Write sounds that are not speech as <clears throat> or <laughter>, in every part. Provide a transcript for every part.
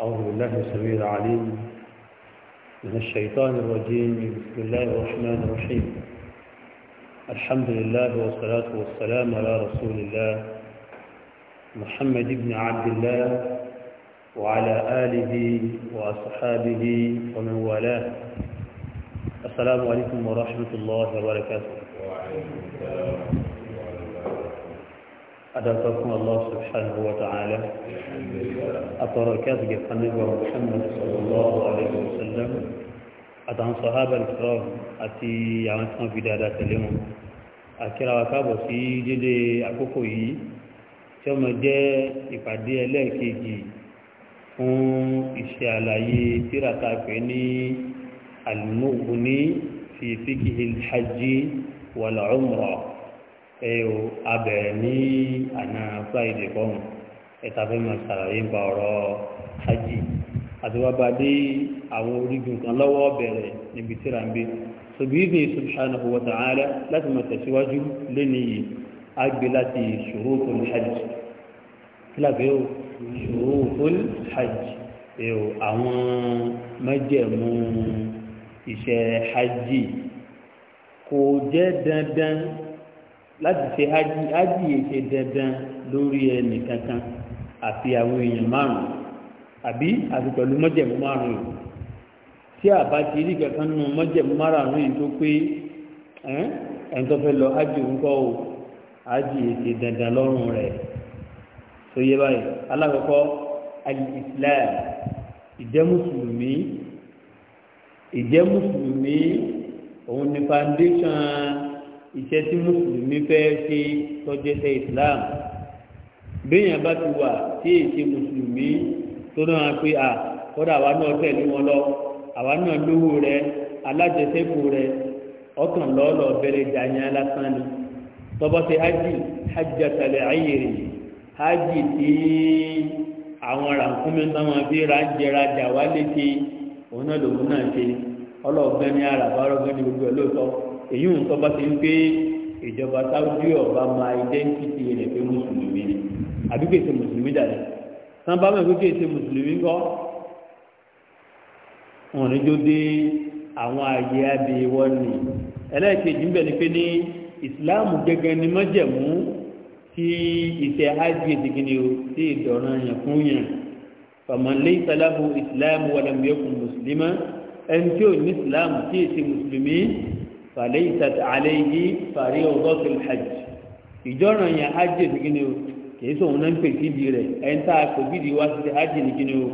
أعوذ بالله السميع العليم من الشيطان الرجيم بسم الله الرحمن الرحيم الحمد لله والصلاة والسلام على رسول الله محمد بن عبد الله وعلى آله وأصحابه ومن والاه السلام عليكم ورحمة الله وبركاته وعليكم السلام أدركم الله سبحانه وتعالى أتركات جفنه محمد صلى الله عليه وسلم أتعن صحابة الكرام أتي يعنسان في دادات اليوم أكرا وكابو في جدي أكوكوي ثم جاء إفادي لكيجي fún iṣẹ́ àlàyé tírata pé ní almoguni fi fíkìhìl hajji wàlàúmrọ̀ ẹ̀yọ́ abẹ̀rẹ̀ ní àná fúláìdè kọ́hùn ẹ̀ta fẹ́ máa ṣàlàyé nípa ọ̀rọ̀ hajj àti wàá bá dé àwọn orígun kan lọ́wọ́ bẹ̀rẹ̀ níbi tíra ń gbé sọ̀bìbì subhanahu wa ta'ala láti mọ̀ tẹ̀síwájú lẹ́nu yìí á gbé láti ṣòro òkun hajj kílàbẹ́ o ṣòro òkun hajj ẹ̀yọ́ àwọn mẹ́jẹ̀mú iṣẹ́ hajj kò jẹ́ dandan láti ṣe ájì ájì èṣe dandan lórí ẹnì kankan àti àwọn èèyàn márùn-ún àbí àti pẹ̀lú mọ́jẹ̀mú márùn-ún yìí tí àbá ti rí kankan nínú mọ́jẹ̀mú márùn-ún yìí tó pé ẹ̀ ń tó fẹ́ lọ ájì òǹkọ́ o ájì èṣe dandan lọ́rùn rẹ̀ tó yẹ báyìí alákọ̀ọ́kọ́ alìsílẹ̀ ìjẹ́ mùsùlùmí ìjẹ́ òun ni foundation iṣẹ́ tí mùsùlùmí fẹ́ ṣe tọ́jẹ́tẹ́ islam béèyàn bá ti wà tí èṣe mùsùlùmí tó náà pé à kọ́dà àwa náà tẹ̀lé wọn lọ àwa náà lówó rẹ alájẹsẹ́kù rẹ ọkàn lọ́ọ̀lọ́ bẹ̀rẹ̀ jàǹyà lásán ni tọ́bọ́tẹ́ ájì Hajj àtàlẹ̀ ayé rè ájì tí àwọn ràǹkúnmí táwọn fi ra jẹra jà wá létí òun náà lòun náà ṣe ọlọ́ọ̀gbẹ́ni àràbárọ́gbẹ́ni gbogbo ẹ̀ lóòótọ́ èyí ń tọ́ba ti ń pé ìjọba sáwùjú ọba máa identity rẹ̀ pé mùsùlùmí ni àbí kò èsè mùsùlùmí dàdé sábà mẹ́rin kò èsè mùsùlùmí kọ́ wọn ní jó dé àwọn ààyè abẹ wọn ni ẹlẹ́ẹ̀kejì ń bẹ̀ ni pé ní ìsìláàmù gẹ́gẹ́ ni mọ́jẹ̀mú tí ìṣe ájì ìdíkìní o tí ìdọ̀ràn yẹn fún yẹn fàmọ́lé ìsàlámù ìsìláàmù wàlámù yẹkùn mùsùlùmí ẹni tí ò ní ìsìláàmù tí èsè mùsùlùmí fàlẹ́ ìtàtà alẹ́ yìí fàrí ọgọ́sìn hajj ìjọ́ràn yẹn hajj ti kí ni o kìí sọ òun náà ń pè síbi rẹ̀ ẹni tá a kò bídìí wá sí hajj ni kí ni o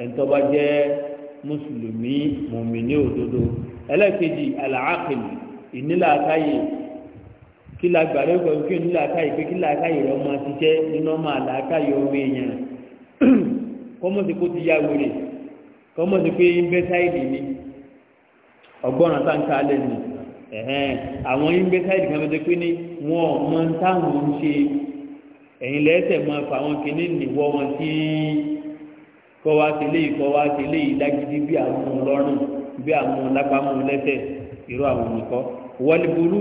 ẹni tó bá jẹ́ mùsùlùmí mùmíní òdodo ẹlẹ́ẹ̀kejì àlàákìlì ìnílà káyè kí la gbàdé pẹ̀lú kí ìnílà káyè pé kí la káyè rẹ̀ ọmọ ṣiṣẹ́ nínú ọmọ àlàákáyè ọmọ èèyàn kọ́mọ̀sí kó ti ya wèrè kọ́mọ̀sí pé ń bẹ́ sáìdì àwọn yín gbé sáìdì kan tó pé ní wọn mọ táwọn ń ṣe ẹ̀yìn lẹ́sẹ̀ mọ fà wọn kìíní nìwọ́ wọn tí kọ́ wá sí léyìí kọ́ wá sí léyìí dágídí bí àwọn ọlọ́run bí àwọn lápámú lẹ́sẹ̀ irú àwọn nìkọ́ wọlébúrú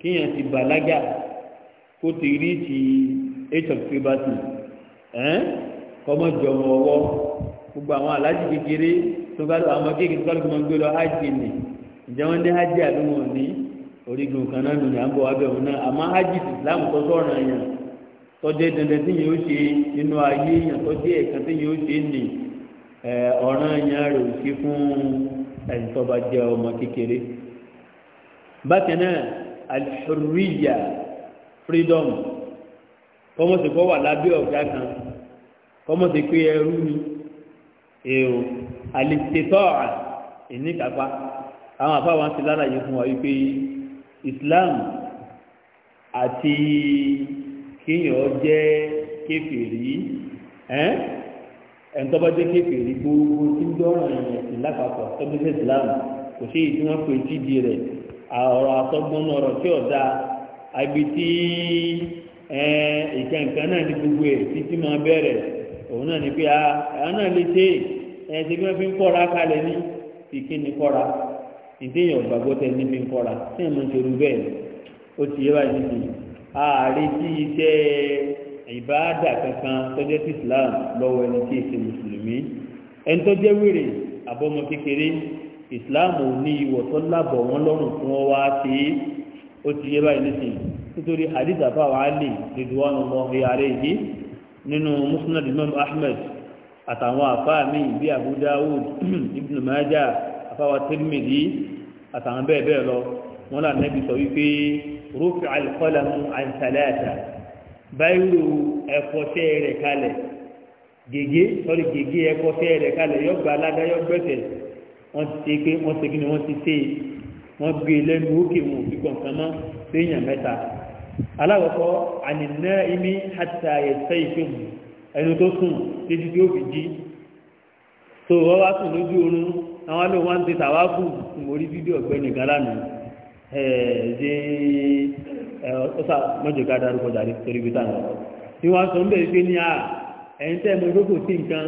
kíyàn ti bàlágà kó ti rí ti age of puberty kọ́mọ jọmọ ọwọ́ gbogbo àwọn alájí kékeré tó bá lọ àwọn kéèké tó bá lọ gbé lọ ájì nìyí. ǹjẹ́ wọ́n ní hajj àbí ní orígun kan náà nù ní àbọ̀ òun islam tó sọ̀rọ̀ yẹn tọ́jú dandan tí yóò ṣe inú ayé yẹn tọ́jú tí yóò ṣe ní ọ̀ràn yẹn rẹ̀ ò sí fún ẹ̀yìn ọmọ kékeré. bákan náà freedom wà lábẹ́ ọ̀gá kan àwọn àfáà wọn ti lálàyé fún wa wípé islam àti kíyàn jẹ́ kéfèrí ẹ̀ńtọ́bọ́jẹ́ kéfèrí gbogbo tí ń dọ́rùn ẹ̀yìn ẹ̀sìn lápapọ̀ tọ́gbẹ́sẹ̀ islam kò sí èyí tí wọ́n pe tídìí rẹ̀ ọ̀rọ̀ àtọ́gbọ́n ọ̀rọ̀ tí ọ̀dà àbí tí ìkẹ̀ǹkan náà ní gbogbo ẹ̀ títí máa bẹ̀rẹ̀ òun náà ní pé ah, àwọn náà lè ṣe ẹ̀ bí wọ́n fi ń kọ́ra kalẹ̀ ní ìkíni kọ́ra ìdíyàn gbàgbọ́ tẹ níbi nkọ́ra tí ẹ̀ máa ń torú bẹ́ẹ̀ ó ti yẹ báyìí nìyí ààrẹ tí iṣẹ́ ìbáàdà kankan tọ́jọ́ sí islam lọ́wọ́ ẹni tí èsì mùsùlùmí ẹni tó jẹ́ wèrè àbọ̀mọ kékeré islam ò ní ìwọ̀ tó lábọ̀ wọn lọ́rùn fún ọ wá sí ó ti yẹ báyìí nìyí nítorí hadith àfàwọn àlè rìdùwọ́n ọmọ ìyàrá èyí nínú musnad imam ahmed àtàwọn àfáà míì bíi abu dawud <clears throat> ibn majah àbáwá tẹ́lẹ̀mẹ̀dì àtàwọn bẹ́ẹ̀ bẹ́ẹ̀ lọ wọn là nẹ́bi sọ wípé rúfì alikọ́làmù àǹtàlẹ́àtà báyìí ẹ̀fọ́sẹ́ rẹ̀ kalẹ̀ gègé sọ́rí gègé ẹ̀fọ́sẹ́ rẹ̀ kalẹ̀ yọgbà aládá yọgbẹ́sẹ̀ wọ́n ti ṣe pé wọ́n ṣe kí ni wọ́n ti ṣe wọ́n gbé e lẹ́nu òkè wọn òfin kọ̀ọ̀kan mọ́ séèyàn mẹ́ta aláwọ̀kọ́ ànínà imi àti àyẹ̀sẹ̀ ìṣòwò ẹni tó sùn àwọn ló wọn ti tàwáfù mórí fídíò ọ̀gbẹ́ni kan lánàá ẹ̀ ṣe ẹ̀ ọ́sà mọ́jọ ká darúkọ jàre torí bí táwọn tí wọ́n sọ ń bẹ̀rẹ̀ pé ní à ẹ̀yìn tẹ́ mọ́ ìrókò sí nǹkan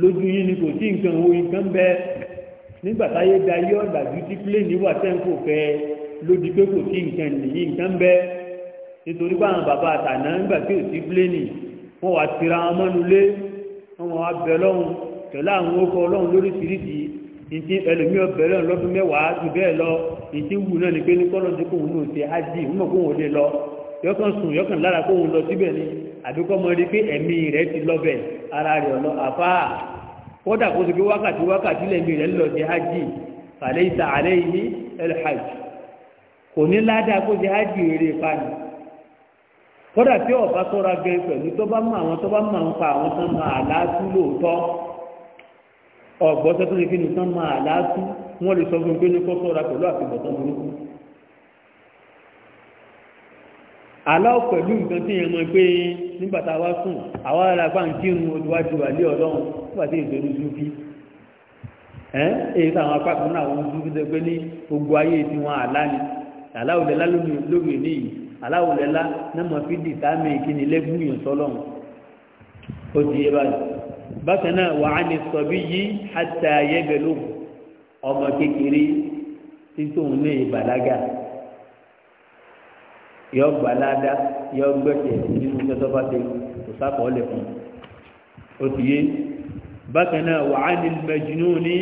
lójú yín ni kò sí nǹkan owó nǹkan bẹ nígbà táyé da yé ọ̀dà ju tí pléènì wà tẹ́ǹkò fẹ́ lójú pé kò sí nǹkan nìyí nǹkan bẹ nítorí báwọn bàbá àtàná nígbà tí ò sí pléènì wọ́n wá tira wọn mọ́nulé wọ́n wá bẹ lọ́hùn pẹ̀lú àwọn okọ̀ ìtí ẹlòmí ọ̀bẹ̀rẹ̀ lọ́dún mẹ́wàá ju bẹ́ẹ̀ lọ ìtí wù náà ni pé ní kọ́lọ́ tí kòun náà ti ájì ń mọ̀ kó wọn lè lọ yọkàn sùn yọkàn lára kó wọn lọ síbẹ̀ ni àbí kọ́ mọ́ rí pé ẹ̀mí rẹ̀ ti lọ́bẹ̀ ara rẹ̀ ọ̀lọ́ àfá kódà kó ti pé wákàtí wákàtí lẹ́mí rẹ̀ lọ ti ájì fàlẹ́ ìta àlẹ́ yìí ẹlẹ́hàj kò ní ládàá kó ti ájì rere pani kódà tí ọ̀bá ọ̀gbọ́sẹ̀ tó ṣe kí ni sán máa láásù wọ́n lè sọ fún pé ní kọ́kọ́ ra pẹ̀lú àfibọ̀tán burúkú aláwọ̀ pẹ̀lú nǹkan tí yẹn mọ̀ pé nígbà tá a wá sùn àwa ara bá ń kírun odòwájú àlé ọlọ́run nígbà tí èso ní súnfí ẹ́ èyí táwọn apá kan náà wọ́n súnfí tó pé ní gbogbo ayé tí wọ́n àlá ni aláwọ̀ lẹ́lá lórí ìní yìí aláwọ̀ lẹ́lá náà mọ̀ fídì sáàmì ìkíni lẹ́gùn yìí sọ́lọ́run ó ti yé báyìí bákan náà wà á ní sọ̀bí yìí àtà ayẹ́bẹ̀lógún ọmọ kékeré títún ní ìbàlágà yọ gbàládá yọ gbẹ̀tẹ̀ nínú tọ́tọ́fà tẹ kò sákọ̀ọ́lẹ̀ fún ó ti yé bákan wà á ní mẹjìnú ní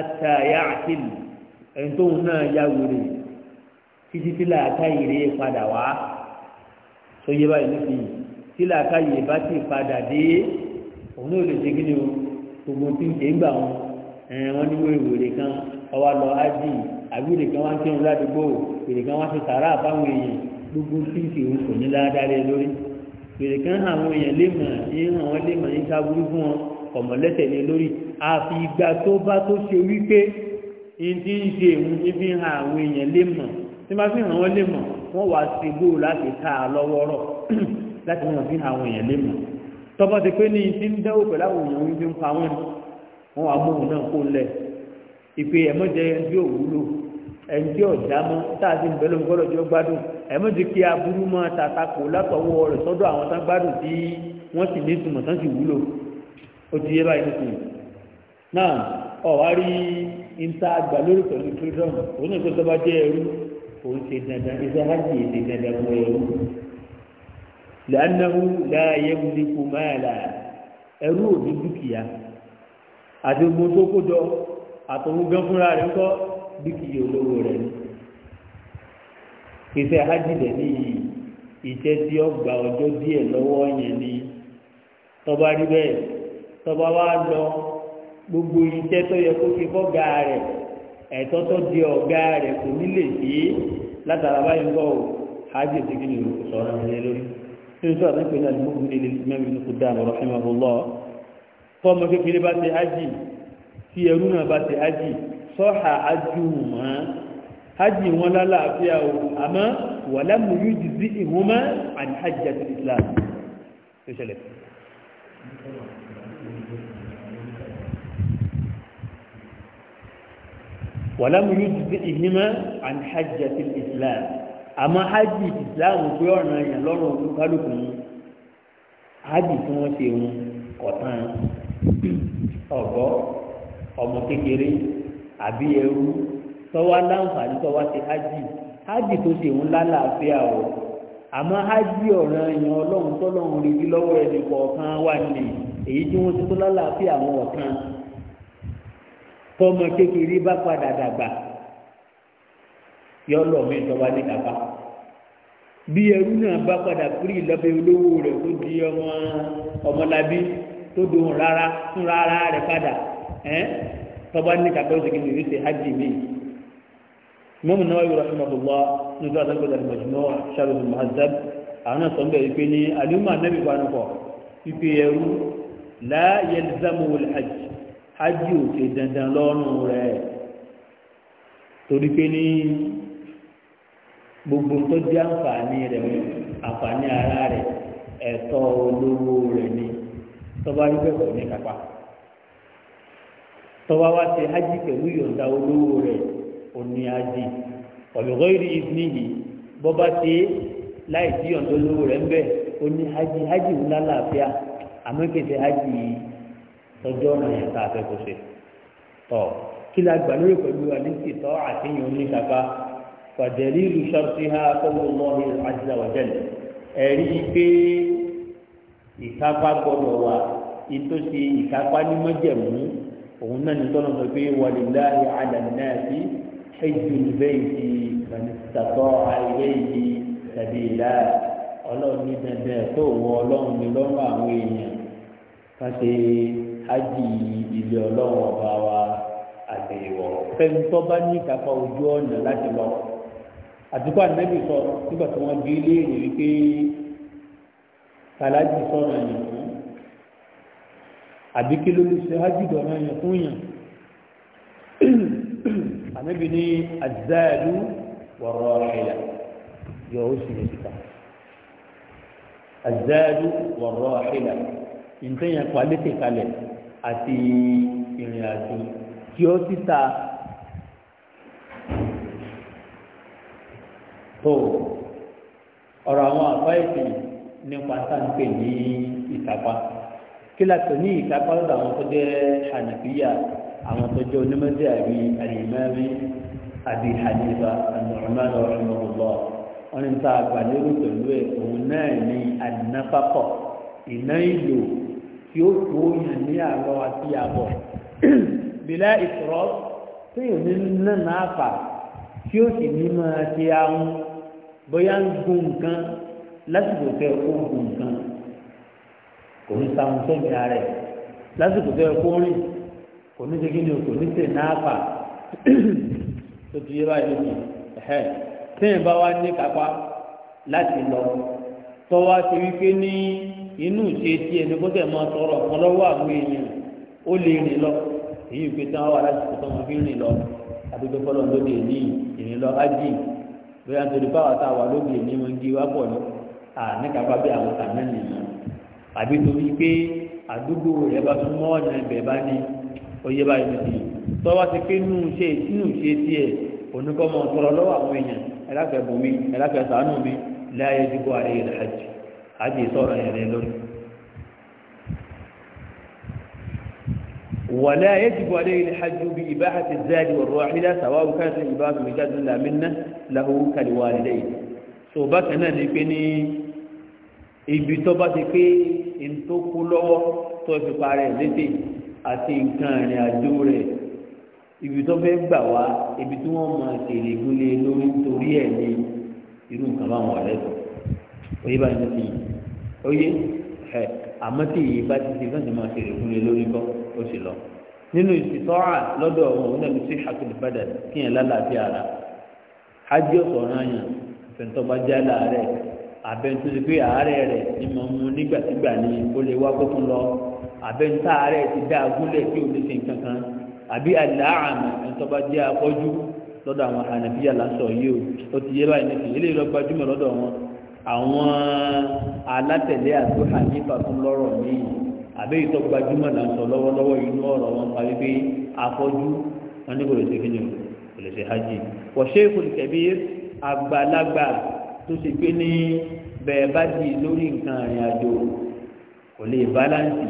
àtà ayá àkìlì ẹni tóun náà yá wèrè títí tí làákàyè rè padà wá tó yé báyìí nísìnyí tí làákàyè bá ti padà dé òun náà lè ṣe kí ni o gbogbo tí ń ṣe ń gbà wọn wọn ní wèrè kan ọwọ́ lọ ájì àbí wèrè kan wá ń kírun ládùúgbò wèrè kan wá ń fi sàrà àbáwọn èèyàn gbogbo tí ń ṣe òun kò ní ládàárẹ̀ lórí wèrè kan àwọn èèyàn lè mọ̀ ní àwọn lè mọ̀ ní sábúrú fún wọn ọ̀mọ̀lẹ́tẹ̀ ní lórí àfi ìgbà tó bá tó ṣe wípé ìdí ń ṣe òun ní fi hàn àwọn èèyàn lè mọ̀ tí wọ́n fi hàn wọ́n lè mọ̀ wọ́n wá ṣe gbòó láti ká a lọ́wọ́rọ̀ <clears throat> tọ́bọ́ ti pé ní ti ń dẹ́wò pẹ̀lú àwọn èèyàn wípé ń pa wọ́n wọn wà mú òun náà kó lẹ̀ ìpè ẹ̀mọ́jẹ ẹni ò wúlò ẹni tí ọ̀dá mọ́ tá a ti ń bẹ́ lóun gbọ́dọ̀ jọ gbádùn ẹ̀mọ́jẹ kí aburú mọ́ tata kò látọwọ́ rẹ̀ sọ́dọ̀ àwọn tán gbádùn tí wọ́n sì ní ìtumọ̀ tán sì wúlò ó ti yé báyìí nìkan náà ọ̀wá rí níta àgbà lórí pẹ̀lú freedom òun náà tó tọ́ bá jẹ́ ẹrú òun ṣe dandan iṣẹ́ lẹ́nàmú láàyè múlẹ́kù máàlá ẹrú òbí dúkìá àti ogun tó kó jọ àtọ̀hún gan fúnra rẹ̀ kọ́ dúkìá olówó rẹ̀ ni kìsẹ́ ájílẹ̀ níyì ìjẹ́ tí ó gba ọjọ́ díẹ̀ lọ́wọ́ yẹn ni tọba rí bẹ́ẹ̀ tọba wá lọ gbogbo iṣẹ́ tó yẹ kó ṣe fọ́gà rẹ̀ ẹ̀tọ́ tó di ọ̀gá rẹ̀ kò ní lè ṣe látara báyìí ń bọ̀ tó kí ni òkú sọ̀rọ̀ nílẹ̀ lórí nínú tó àtúnkè náà lùmọ́ ní ilé mẹ́rin ní kùdá àmọ́ rahimahullah kọ́ ọmọ kékeré bá ti ájì tí ẹrú náà bá ti ájì sọ́ha ájú mọ́ ájì wọn lálàáfíà o àmọ́ wà lámù yóò jì sí ìhúnmọ́ àti ájì àti islam tó yóò jì sí ìhúnmọ́ àti ájì islam àmọ́ hajj islam pé ọ̀ràn yẹn lọ́rùn olúkálùkù yìí hajj tí wọ́n ṣe wọn kọ̀tàn ọ̀gọ́ ọmọ kékeré àbí ẹrú tọ́wá láǹfààní tọ́wá ṣe hajj hajj tó ṣe wọn lálàáfíà o àmọ́ hajj ọ̀ràn yẹn ọlọ́run tọ́lọ́run rí lọ́wọ́ ẹni kọ̀ọ̀kan wà èyí tí wọ́n ti tó lálàáfíà àwọn ọ̀kan tọ́mọ kékeré bá bí ẹrú náà bá padà fúrí ìlọ́bẹ̀ olówó rẹ̀ tó di ọmọ ọmọlábí tó dohùn rárá fún rárá rẹ̀ padà ẹ́ tọ́ba ní kàkẹ́ ó segin lórí ṣe hajj mi mọ́mù náà yóò rọ́ṣọ́ mọ́tò lọ nítorí àtàkùn ìdàgbà jùlọ ṣàlùfù mahazab àwọn náà sọ̀nbẹ̀ ìpè ní àdúgbò ànábì panupọ̀ ìpè ẹrú láàyè zamu wọlé hajj hajj ò ṣe dandan lọ́rùn rẹ̀ torí pé ní gbogbo tó di àǹfààní rẹ̀ mú àǹfààní ara rẹ̀ ẹ̀tọ́ olówó rẹ̀ ni tọ́ba rí bẹ́ẹ̀ kọ́ ní kápá tọ́ba wá ṣe ájì pẹ̀lú ìyọ̀ǹda olówó rẹ̀ òní ájì ọ̀lùkọ́ ìrì ìdí yìí bọ́ba ṣe láì sí ìyọ̀ǹda olówó rẹ̀ ń bẹ̀ òní ájì ájì ńlá làáfíà àmọ́ kèsè ájì tọ́jọ́ ọ̀nà yẹn tá a fẹ́ kó ṣe tọ́ kí la gbà lórí pẹ̀lú àdínkì tọ́ àtẹ̀yìn oníkàpá fàdẹ̀lílù ṣọ́ọ̀tìhà kọ́wọ́mọ́hì àjẹwàjẹ́lẹ̀ ẹ̀rí pé ìkápá gbọ́dọ̀ wà ìtòsí ìkápá ní mọ́jẹ̀mú òun náà ní tọ́nà sọ pé wàlíláhi àdàmínàfi ẹ̀jùn bẹ́ẹ̀kì mẹ́nìtàtọ́ àìwéyìí tàbí ìlà ọlọ́run ní dandan tó wọ ọlọ́run ní lọ́rùn àwọn èèyàn káṣe hajj ilé ọlọ́run ọba wa àgbèyẹ̀wọ̀ fẹ́ntọ́ bá ní ìkápá ojú ọ̀nà láti lọ́wọ́ àdúgbò ànábì sọ nígbà tí wọ́n bí léèrè wípé kàlájì sọ̀rọ̀ ẹ̀yàn fún àbí kí ló lè ṣe ájìdò ọ̀rọ̀ ẹ̀yàn fún yàn ànábì ní àdìsáàlú wọ̀rọ̀ ẹ̀yà yọ ó sì lè síta àdìsáàlú wọ̀rọ̀ ẹ̀yà nǹkan yẹn pa létè kalẹ̀ àti ìrìn àjò tí ó síta. tó ọ̀rọ̀ àwọn àbá ìsìn nípa sáńpé ní ìtàpá kí láti ní ìtàpá lọ́dọ̀ àwọn tó jẹ́ ànàfíyà àwọn tó jẹ́ onímọ̀dé àbí àyèmáwí àbí àyèbá ànàrọ̀mọ́nà ọ̀rọ̀mọ́gbọ̀ wọn ní ta àgbàlérò pẹ̀lú ẹ̀ òun náà ní ànáfàkọ̀ ìná ìlò tí ó tó yàn ní àti àbọ̀ ìtọ́rọ́ <clears throat> tí yóò ní náà náà fà tí ó sì ní máa ṣe àwọn bóyá ń gun nǹkan lásìkò tẹ kó ń gun nǹkan kò ní sáwọn sẹ́mi rẹ̀ lásìkò tẹ kó rìn kò ní ṣe kí ni o kò ní ṣe náà fà tó ti yé báyìí lókè ẹ̀hẹ́ tẹ́yìn bá wá ní kápá láti lọ tọ́wọ́ ṣe wípé ní inú ṣe tí ẹni kó tẹ̀ máa tọrọ ọ̀kan lọ́wọ́ àwọn èèyàn ó lè rìn lọ èyí ìpè tí wọ́n wà lásìkò tó wọn fi rìn lọ àdúgbò fọlọ́ lóde ní ìrìn lọ ájì lóyún àtòlù báwa tá a wà lóbi èmi wọn gé wá pọ̀ ní àníkàbá bí àwọn tàmí nìyẹn àbí torí pé àdúgbò rẹ̀ bá tún mọ́ ọ̀nà ibẹ̀ bá ní oyè báyìí nìyí tọ́wọ́ ti pé nù ṣe nù ṣe tiẹ̀ oníkọ́mọ tọrọ lọ́wọ́ àwọn èèyàn ẹ̀láfẹ́ bùnmi ẹ̀láfẹ́ sàánù mi láyé dìbò àlẹ́ àti ìsọ̀rọ̀ yẹn lórí. ولا يجب عليه الحج بإباحة الزاد والراحلة سواء كانت الإباحة مجاز لا منا له كالوالدين so bákan náà ni pé ní ibi tó bá ti pé n tó kú lọ́wọ́ tó fi parẹ́ lédè àti nǹkan ìrìn àjò rẹ̀ ibi tó fẹ́ gbà wá ibi tí wọ́n máa tèrè gúnlé lórí torí ẹ̀ ní irú nǹkan báwọn ọ̀rẹ́ tó oyè bá ní ti oyè ẹ àmọ́ tí èyí bá ti ti fẹ́ǹsì máa tèrè gúnlé lórí bọ́ ó sì lọ nínú ìsìtọ́ra lọ́dọ̀ àwọn òun náà sí àtìlùbádà kí yẹn lálàáfíà ara hajj ọ̀sọ̀ ọ̀ràn yàn fẹ̀ntọ́gbà jẹ́ láàárẹ̀ àbẹ̀ntóṣe pé àárẹ̀ rẹ̀ ni mo mú nígbàtígbà ni ó lè wá kókó lọ àbẹ̀ntá àárẹ̀ ti dá agúnlẹ̀ tí ò lè ṣe nǹkan kan àbí àlàáhàmì fẹ̀ntọ́gbà jẹ́ akọ́jú lọ́dọ̀ àwọn ànàbíyà lásọ̀ yìí o ó ti yé báyìí àbí ìtọ́ gbajúmọ̀ là ń sọ lọ́wọ́lọ́wọ́ inú ọ̀rọ̀ wọn pa wípé afọ́jú wọn ní kò lè ṣe kí ni kò lè ṣe hajj wọ̀ṣẹ́ ìkòlùkẹ́bí àgbàlagbà tó ṣe pé ní bẹ̀ẹ̀ bá di lórí nǹkan àrìn àjò kò lè báláǹsì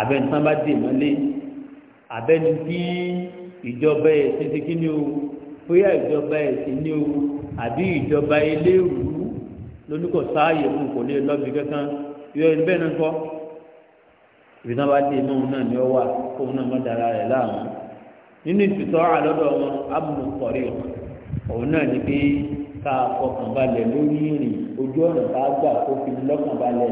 àbẹ̀ntán bá dè mọ́lé àbẹ̀ni tí ìjọba ẹ̀sìn ti kí ni o bóyá ìjọba ẹ̀sìn ni o àbí ìjọba eléwu lóníkọ̀ọ́sáàyè fún kò lè lọ́bi kankan yọ ẹni bẹ́ẹ̀ náà kọ́ ibi náà bá dé inú òun náà ni ó wà kó òun náà má dara rẹ̀ láàmú nínú ìtútọ́ àlọ́dọ̀ wọn abùnú kọ̀rí òun náà ni pé ká fọkàn balẹ̀ lórí ìrìn ojú ọ̀nà tá a gbà kó fi ní lọ́kàn balẹ̀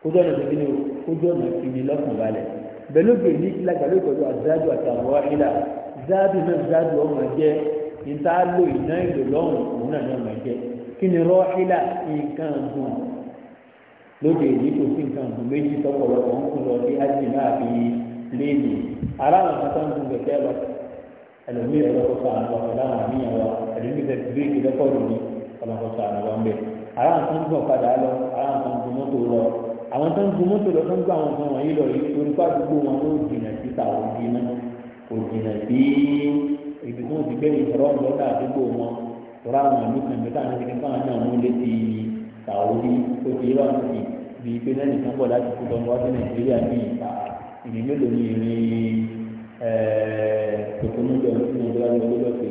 kójú ọ̀nà fi ní kójú ọ̀nà fi ní lọ́kàn balẹ̀ bẹ́ẹ̀ ló gbé ní ìlàjà ló kọjú àzáàdù àtàwọn ìlà záàdù náà záàdù ọmọ jẹ́ níta lò ìná ìlò lọ́rùn òun náà ní ọmọ jẹ́ kí ni rọ́ọ̀hílà nǹkan gùn lóde èyí kò sí nǹkan ọ̀gbìn méjì tọ́pọ̀lọpọ̀ ń kún lọ sí ájì náà fi léèlì aláwọn kan tó ń gun kẹ̀kẹ́ lọ ẹlòmíì ẹ̀rọ kó sọ àwọn ọ̀pọ̀ láwọn àníyàn wa ẹlòmíì fẹ́ bíréèkì lọ́pọ̀ lòdì ọlọ́kọ̀ sọ àwọn ọ̀bẹ aláwọn kan ń gun ọ̀kadà lọ aláwọn kan ń gun mọ́tò lọ àwọn tó ń gun mọ́tò lọ tó ń gbọ́ àwọn kan wọ̀nyí lọ yìí sàwórí tó fi wá sí bí pé náà nìkan pọ̀ láti kú lọ́mọ wájú nàìjíríà ní ìta ìrìn mélòó ní ìrìn tòkónú jọ sí nàìjíríà ní olóògbé pé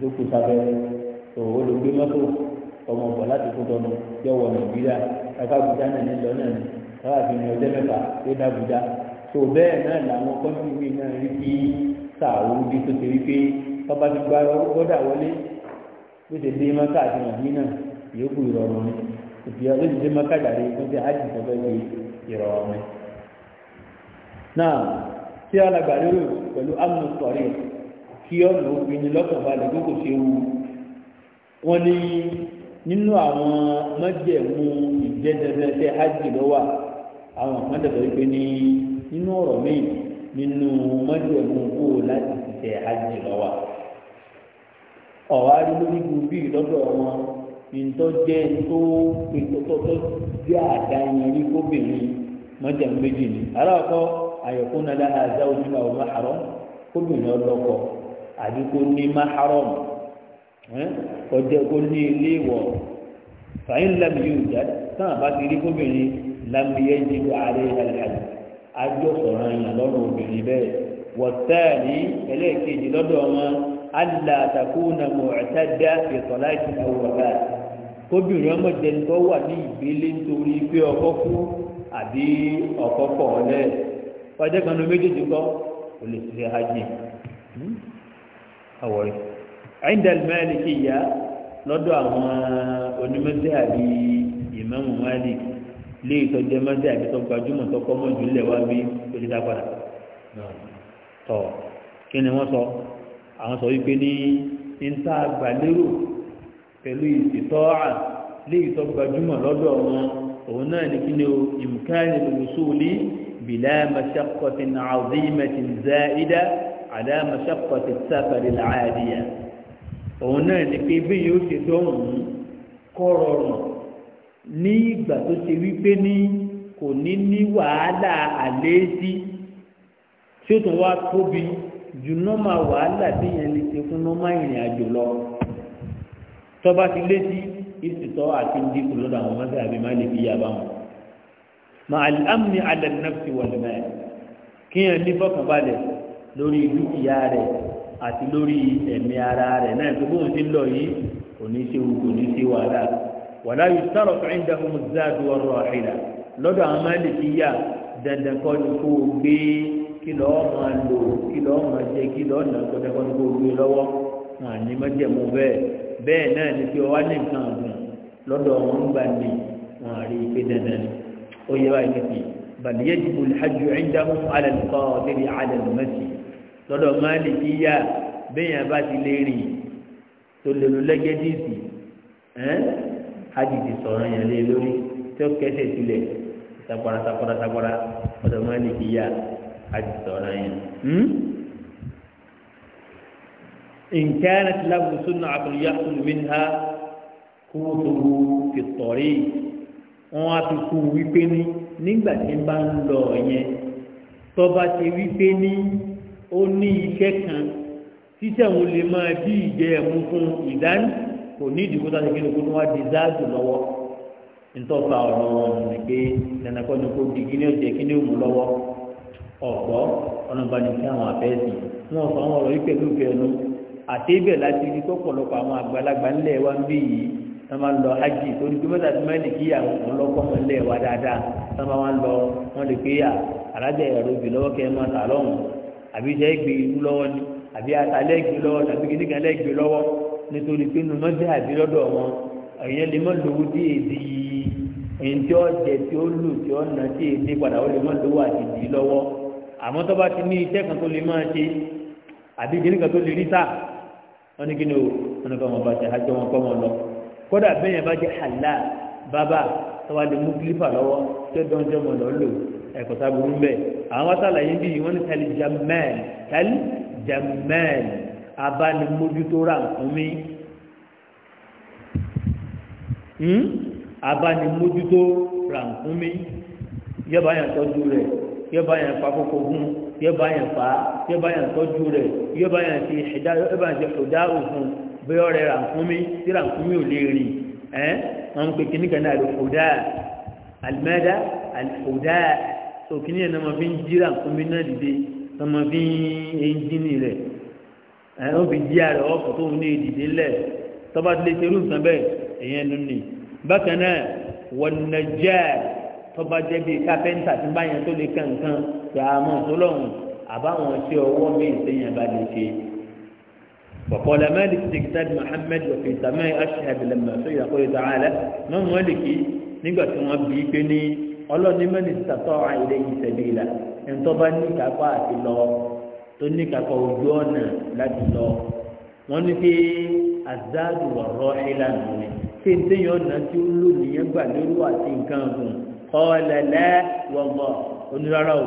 tó kú sábẹ́ tó o lè gbé mọ́tò ọmọ ọ̀gbọ̀n láti kú lọ́mọ yọ wọ nàìjíríà ẹ̀ka àbújá náà ní lọ náà ní ẹ̀ka àbí ní ọjọ́ mẹ́fà ló dá àbújá tó bẹ́ẹ̀ náà làwọn kọ́ńtì mi náà rí sí sàwórí tó ti rí pé tọ́ba ti gbá gbọ́dà wọlé bó yòókù ìrọ̀rùn ni òbí ọlọ́dún tí mọ́kàdà fún ti hajj tó dị di ìrọ̀rùn ni. náà tí alàgbà lérò pẹ̀lú amúnú sọ̀rí kí ọ̀nà obìnrin lọ́kàn balẹ̀ kókò ṣe wù wọ́n ní nínú àwọn mọ́jẹ̀mú ìjẹ́dẹ́dẹ́sẹ́ hajj ló wà àwọn kan dẹ̀ ní nínú ọ̀rọ̀ míì nínú mọ́jẹ̀mú láti ọ̀wá rí lórí ìtọ́jẹ́ tó ìtọ́tọ́ jẹ́ àdáyẹnrí kóbìnrin mọ́jà méjì ni aláàkọ́ àyẹ̀kú náà dáhà àzá ojú àwọn máhàrọ́ kóbìnrin ọlọ́kọ̀ àbí kó ní máhàrọ́ ọjọ́ kó ní ilé ìwọ̀ fàyín lámì yóò já tán àbá ti rí kóbìnrin lámì yẹn ti wà á rí àlàyé àjọ sọ̀rọ̀ yẹn lọ́rùn obìnrin bẹ́ẹ̀ wọ̀tẹ́ẹ̀lì ẹlẹ́ẹ̀kejì lọ́dọ̀ wọn alàtàkùn náà mọ̀ ẹ̀tẹ́dá ìtọ́lá ìtìkà wọ̀ báyìí kóbìnrin ọmọdéni tó wà ní ìgbélé nítorí pé ọkọ kú àbí ọkọ kọ ọlẹ ọjọ kan ní méjèèjì kọ kò lè ṣe hajj hmm? àwọrẹ ẹyìndàlí mẹrin kì í yá lọdọ àwọn onímọdé àbí ìmọ̀mù malik lé ìtọ́jú ẹmọdé àbí tó gbajúmọ̀ tó kọ́ mọ́jú lẹ̀ wá bí òṣìṣẹ́ padà tọ kí ni wọ́n sọ àwọn sọ wípé ní ní ta gbàlérò pẹ̀lú ìṣètọ́ à léyìí tó gbajúmọ̀ lọ́dọ̀ wọn òun náà ní kí ni o ìmùkáyọ̀ lùsùlì bìlá mẹ́sàkọ́tì àwùdíyìmẹ́tì záídá àdá mẹ́sàkọ́tì sábàdì làádìyà òun náà ní pé bí yóò ṣe dọ́hùn kọ́ ní ìgbà tó ṣe wípé ní kò ní ní wàhálà àléésí tí ó tún wá tóbi ju nọ́mà wàhálà bí yẹn lè ṣe fún nọ́mà ìrìn àjò lọ tọ́ba ti lé sí ìsìtọ́ àti ń dínkù lọ́dọ̀ àwọn mọ́tò àbí má lè fi yá bá wọn. mà àlámùní alẹ́nàfẹ́ wọlé náà kíyàn ní fọkànbalẹ̀ lórí dúkìá rẹ̀ àti lórí ẹ̀mí ara rẹ̀ náà tó bóun ti ń lọ yìí kò ní ṣe ògùn ní ṣe wàhálà wàlá yìí sọ̀rọ̀ fún ẹ̀ńdà fún mùsùlùmí ọ̀rọ̀ àṣìlá lọ́dọ̀ àwọn má lè fi yá dandan kọ́ ni kó o gbé kí lọ́ọ́ máa lò kí lọ́ọ́ máa jẹ kí lọ́ọ́ nà kọ́dẹ́kọ́ bẹ́ẹ̀ náà ni pé ọwá ní nǹkan ọ̀gbìn lọ́dọ̀ wọn gbà ní wọn rí i pé dandan ni ó yẹ wáyé kẹfì bàlíyé dìbò hajj ẹ̀ńdáhùn alẹ́nukọ́ ọ̀dẹ́rì alẹ́numẹ́sì lọ́dọ̀ máàlì kí yá bẹ́yìn abá ti lè rìn tó lè lo lẹ́gẹ́dìsì hajj ti sọ̀rọ̀ yẹn lé lórí tí ó kẹsẹ̀ sílẹ̀ sakura sakura sakura lọ́dọ̀ máàlì yá hajj sọ̀rọ̀ yẹn. Hmm? إن كانت له سنة عقلية منها كوته في الطريق wọ́n á ti kú wípé ní nígbà tí ń bá ń lọ yẹn tọ́ba ti wípé ní ó ní iṣẹ́ kan títẹ̀ òun lè máa bí ìjẹ ẹ̀mú fún ìdání kò ní ìdìbò tó ti kí ni kó tó wá di záàdù lọ́wọ́ ntọ́fà ọ̀rọ̀ wọn ní pé dandankan ni kó di kí ni ó jẹ kí ni ó mú lọ́wọ́ ọ̀gbọ́ ọ̀nà ìbánisí àwọn àfẹ́sì wọn fọ àwọn ọ̀rọ̀ yìí pẹ̀lú ìfẹ́ ẹnu àtẹ́bẹ̀ láti rí tọ́pọ̀lọpọ̀ àwọn àgbàlagbà ńlẹ̀ wa ń bí yìí wọ́n máa ń lọ hajj torí pé mẹ́ta tí wọ́n lè kí àwọn ọlọ́kọ́ wọn lẹ̀ wá dáadáa wọ́n máa ń lọ wọ́n lè pé à alájà ẹ̀rọ òbí lọ́wọ́ kẹ́ ẹ máa tà lọ́hùn àbí iṣẹ́ ìgbé irú lọ́wọ́ ni àbí atalẹ́ ìgbé lọ́wọ́ tàbí kìnnìkan lẹ́gbé lọ́wọ́ nítorí pé numọ́dé àbí lọ́dọ̀ wọn ẹ̀yẹn lè má lówó dé èdè yìí èyí tí ó jẹ tí ó lù tí ó nà tí èdè padà ó lè má lówó àti dì í lọ́wọ́ àmọ́ tó bá ti ní iṣẹ́ kan tó lè máa ṣe àbí kìnnìkan tó lè rí sáà wọn ní kí ni o wọn ní kọ́ ọmọ bá ṣe àjọ wọn kọ́ ọmọ lọ kódà bẹ́ẹ̀ yẹn bá jẹ́ àlá bàbá tọ́wá lè mú kílífà lọ́wọ́ tó dánjọ́ mọ̀ lọ́ lò ẹ̀kọ́ sábúrú ń bẹ̀ àwọn sàlàyé ń bí wọ́n ní tali jamal tali jamal abánimójútó ra nǹkan mi hmm? abánimójútó ra nǹkan mi yọba yẹn tọ́jú rẹ̀ yọba yẹn pa kókó fún yóò bá yẹn fà á yóò bá yẹn tọ́jú rẹ̀ yóò bá yẹn ṣe ṣẹ̀dá yóò bá yẹn ṣe ṣòdá òfun bóyá ọ̀rẹ́ ràǹfúnmi tí ràǹfúnmi ò lè rìn ẹ́ wọ́n ń pè kíní kan náà àlùfòdà àlùmẹ́dá àlùfòdà tó kíní yẹn náà máa fi ń jí ràǹfúnmi náà dìde náà fi ń ẹ́ńjínì rẹ̀ ẹ́ wọ́n fi jí àrẹ̀ ọkọ̀ tó ń ní ìdìde lẹ̀ tọ́ba tilẹ̀ ṣerú nǹkan bẹ́ẹ̀ ẹ̀yẹn nù ní bákan náà wọ́n nà jẹ́ tọ́ba jẹ́ bíi kápẹ́ńtà tí báyẹn tó lè kankan tẹ àmọ́ tọ́lọ́hún àbáwọn tí ọwọ́ mi ìsẹ́yìn bá lè ṣe. وقال مالك في كتاب محمد وفي سماء أشهد لما سئل قول تعالى ما مالك nígbà tí wọ́n bí pé ní ọlọ́ni mẹ́rin tàtọ́ àìlẹ́ ìṣẹ̀lẹ̀ ìlà ẹni tó bá ní kápá àti lọ tó ní kápá ojú ọ̀nà láti lọ wọ́n ní pé azáàdù ọ̀rọ̀ ìlànà rẹ̀ ṣé ń tẹ́yìn ọ̀nà tí ó lò níyẹn gbà lérò àti nǹkan ọ̀gùn ọ̀lẹ̀lẹ̀ wọ̀gbọ̀ onírárá o